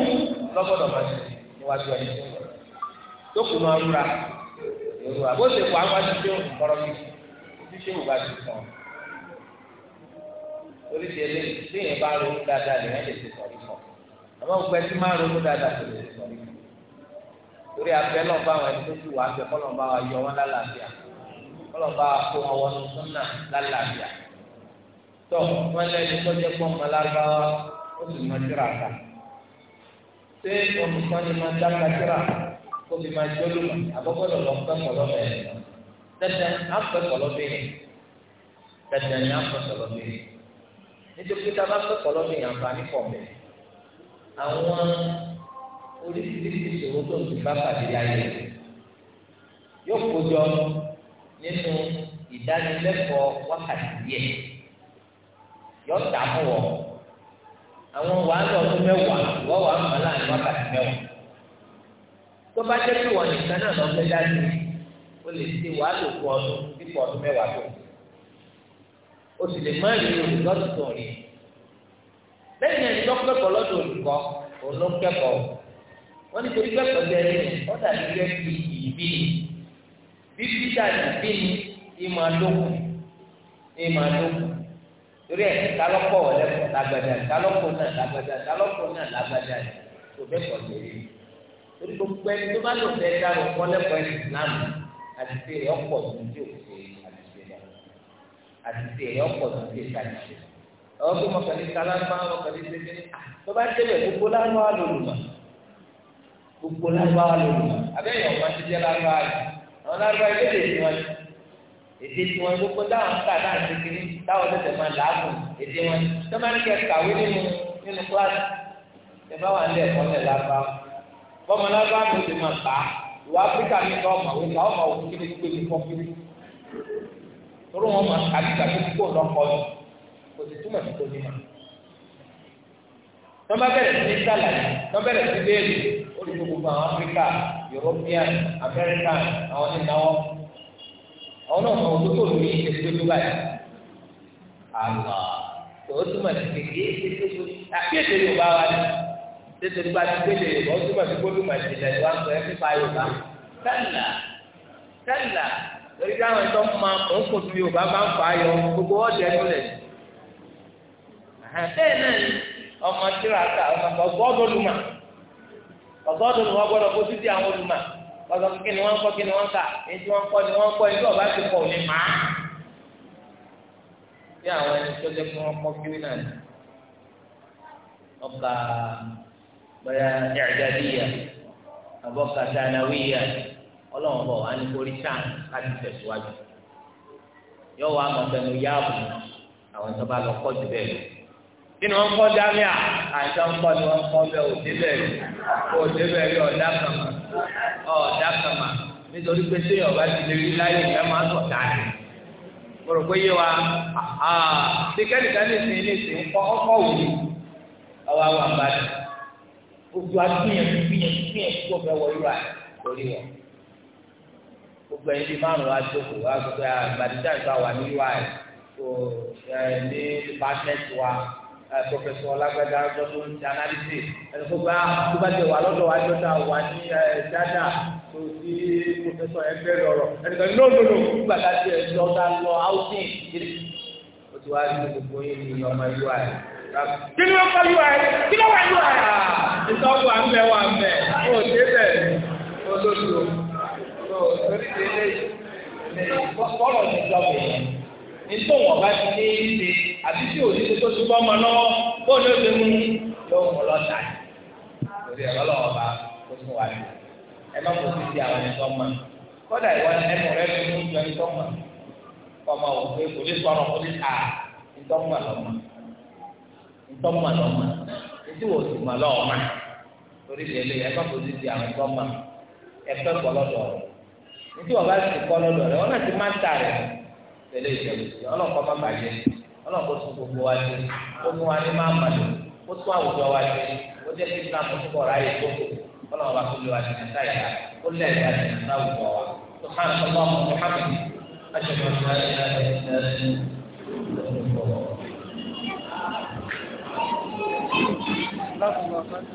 lọ́gbọ́dọ̀ máa ṣe níwájú ẹni tẹ́wò rẹ̀ tó kù náà rúra ìrù àbóṣe kò áwájú tẹ́wò kọ́rọ́ mi tí tẹ́wò bá ti sàn oríṣi àbá òkú ẹtí máa ronú dáadáa tó lè sọ yìí torí abẹ náà bá wọn ẹni tó ti wà abẹ kọlọ̀ bá wọn yọ wọn lálàáfíà kọlọ̀ bá wọn kó wọn wọnú súnà lálàáfíà tó wọn lẹni tó jẹ pọ ọmọ lágbára ó sì máa tíra ká ṣé olùkọ́ni máa dáka tíra kó fi máa jẹ́ olùmọ̀ àbọ̀gbọ́dọ̀ lọ pẹ́ kọ̀lọ́ bẹ́ẹ̀ tẹ̀tẹ̀ á pẹ́ kọ̀lọ́ bẹ́ẹ̀ tẹ̀tẹ̀ ni á pẹ́ kọ̀lọ́ bẹ́ẹ̀ nítorí àwọn oríṣiríṣi ìṣòro tó ń ti bá pàdé láyé yóò kójọ nínú ìdánilẹ́kọ̀ọ́ wákàtí díẹ̀ yóò tà fún wọn àwọn wàhálà ọdún mẹ́wàá wọ́n wà á mọ̀ láàrin wákàtí mẹ́wàá tó bá jẹ́ pé wọ́n nìkan náà lọ fẹ́ o lè ṣe wàhálà òkú ọdún dípò ọdún mẹ́wàá tó o sì lè má rí olùdókítọ̀ rìn lẹ́yìn ẹni tó kẹ́kọ̀ọ́ lọ́dọ̀ olùkọ́ òun ló kẹ́kọ̀ọ́ wọ́n ní torí kẹ́kọ̀ọ́ bí ẹni ó dàbí rẹ́ bí ìbí bí bíjà ìbí ni ìmọ̀ àdókùn ìmọ̀ àdókùn torí ẹ̀ talọ́kọ̀ wọlé lágbàdà talọ́kọ̀ náà lágbàdà talọ́kọ̀ náà lágbàdà tó bẹ́ẹ̀ kọ̀ lórí torí gbogbo ẹni tó bá lò fẹ́ dárò kọ́lẹ́kọ̀ọ́ ẹ̀sìn Islam àti tèrè ọ̀pọ̀ tó ń àwọn pé mo kàní kalama mo kàní sẹkẹni tó bá débẹ̀ gbogbo lánàá wà lòlùmọ gbogbo lánàá wà lòlùmọ abẹ́yẹ ọ̀pá ti jẹ́ lánàá wà àwọn lánàá ilé lè ti wọn èdè tí wọn gbogbo táwọn ń kà náà sẹkẹni táwọn tẹsẹ̀ máa làágùn èdè wọn tó máa ń kẹ kàwé nínú nínú kíláàsì ẹ bá wà ní ẹ̀kọ́ lẹ̀ lábá bọ́mọ lábá mi ti máa bá ìwà áfíríkà mi kọ́ ọmọ òwe kà ọmọ òwe kékeré gbé mi kọ́ kiri wọn máa kàbí kàbí kó lọ́kọ́ yìí kò sì túmọ̀ sí kòní mà. wọ́n bá bẹ̀rẹ̀ sí sàlàyé wọ́n bẹ̀rẹ̀ sí béèrè ó lè gbogbo àwọn áfíríkà european american àwọn onínáwọ́ àwọn náà mọ̀ olóko lórí ìṣèjọba tó báyìí. àlọ́ tó o túmọ̀ sí pé kí èsì tó tó àkíyèsí yorùbá wa ni tètè nípa ti gbélé yorùbá ó túmọ̀ sí gbólú mà ìṣẹ̀lẹ̀ wa ń sọ ẹ́ fífa yorùbá kálà kálà lórí táwọn ẹ̀tọ́ máa mọ̀ ń kò sí yorùbá máa ń fà á yọ gbogbo ọ̀dẹ̀ ẹ̀dúnlẹ̀ bẹ́ẹ̀ náà ni ọmọ tíra ká ọmọ ọgbọ́dọ̀ lùmà ọgbọ́dọ̀ lùmà gbọ́dọ̀ kó títí àwọn lùmà ọ̀sọ̀ kí ni wọ́n kọ́ kí ni wọ́n kà èyí wọ́n kọ́ ni wọ́n kọ́ ọba ti kọ̀ ní mà bí àwọn ẹni tó jẹ́ kí wọ́n kọ́ kí náà ọkà bẹ́ẹ̀ àbọ̀kà bọ̀ wá ní orí láti tẹ̀síwájú wá nínú wọn kọ́ dámíà àìsàn ń kọ́ ni wọn kọ́ bẹ́ẹ̀ ò débẹ̀ rí ò débẹ̀ rí ọ̀dà kàmà ọ̀dà kàmà nítorí pé téèyàn bá ti lè rí láyé ìfẹ́ máa sọ̀ dáadé mo rò pé yé wa tíkẹ́nìkan ní ìsìn ní ìsìn kọ́ ọkọ̀ òwú ọwọ́ àwọn àbájá gbogbo agbìyànjú gbìyànjú gbìyànjú kó fẹ́ wọ irú à lórí wọn gbogbo ẹni bíi márùn wá jókòó wá gbogbo àgbàdìjà ìgbà wà ní UI tó ẹ ní department wa. Eh, pọfẹsọ ọlágbádá gbọ́dọ̀ ní analyse ẹni tó bá tó bá tẹ wà lọ́dọ̀ wa jọ ta wà ní eh, dada tó sí pọfẹsọ ẹgbẹ́ lọ́rọ̀ ẹni kan ní òdodo nígbà tá a ti ẹjọ́ ta lọ outing kiri o ti wá ní gbogbo yín ní ọmọ ìlú ayé. kí ni wọ́n kọ́ ìlú ayé kí ni wọ́n ìlú ayé. ìtọ́ wà ń bẹ wà ń bẹ o ò dé bẹ̀ olódò o torí ti ilé ìfọ̀rọ̀ ní ìjọba yẹn nítorí wọn bá ti ní ìṣe àbí tí òní ti tó túbọ̀ ọmọ lọ́wọ́ kó ní oṣù mú yóò mú lọ́tà lórí ẹ̀rọ lọ́wọ́ bá tó fún wa ní ẹ má kó sí ti àwọn ẹ̀tọ́ mọ́ kódà ìwọ ẹnu rẹ fi mú ju ẹ̀tọ́ mọ́ ọmọ òfin kò ní sọ̀rọ̀ kò ní ta ẹ̀tọ́ mọ́ lọ́mọ́ ẹ̀tọ́ mọ́ lọ́mọ́ ẹtí wò sí mọ́ lọ́wọ́ mọ́ lórí ìṣẹ̀lẹ̀ ẹ má kó sí ti àwọn ẹ̀tọ́ mọ́ ẹ̀fẹ́ kọ́ lọ́dọ̀ rẹ̀ ẹtí wọ́n bá ti kọ́ lọ́dọ̀ rẹ̀ wọ́n náà ti má ń ta rẹ̀ tẹ̀lé ìjẹ̀bùsì ọlọ́kọ́ má bàjẹ́ ọlọ́kọ́ tún gbogbo wa jẹ́ ó mú wa ní má mà lò ó tún àwùjọ wa jẹ́ ó jẹ́ kí islam tún bọ̀ ráyè tó kù ọlọ́wọ́ bá tún lè wa jẹ́ sáyà ó lẹ̀ ẹ̀ àti ìsìn àwùjọ wa sùhàn sọ́kọ́ mùhàmmad aṣèjọ ìsìn àti ìsìn àti ìsìn àti ìsìn àti ìsìn àti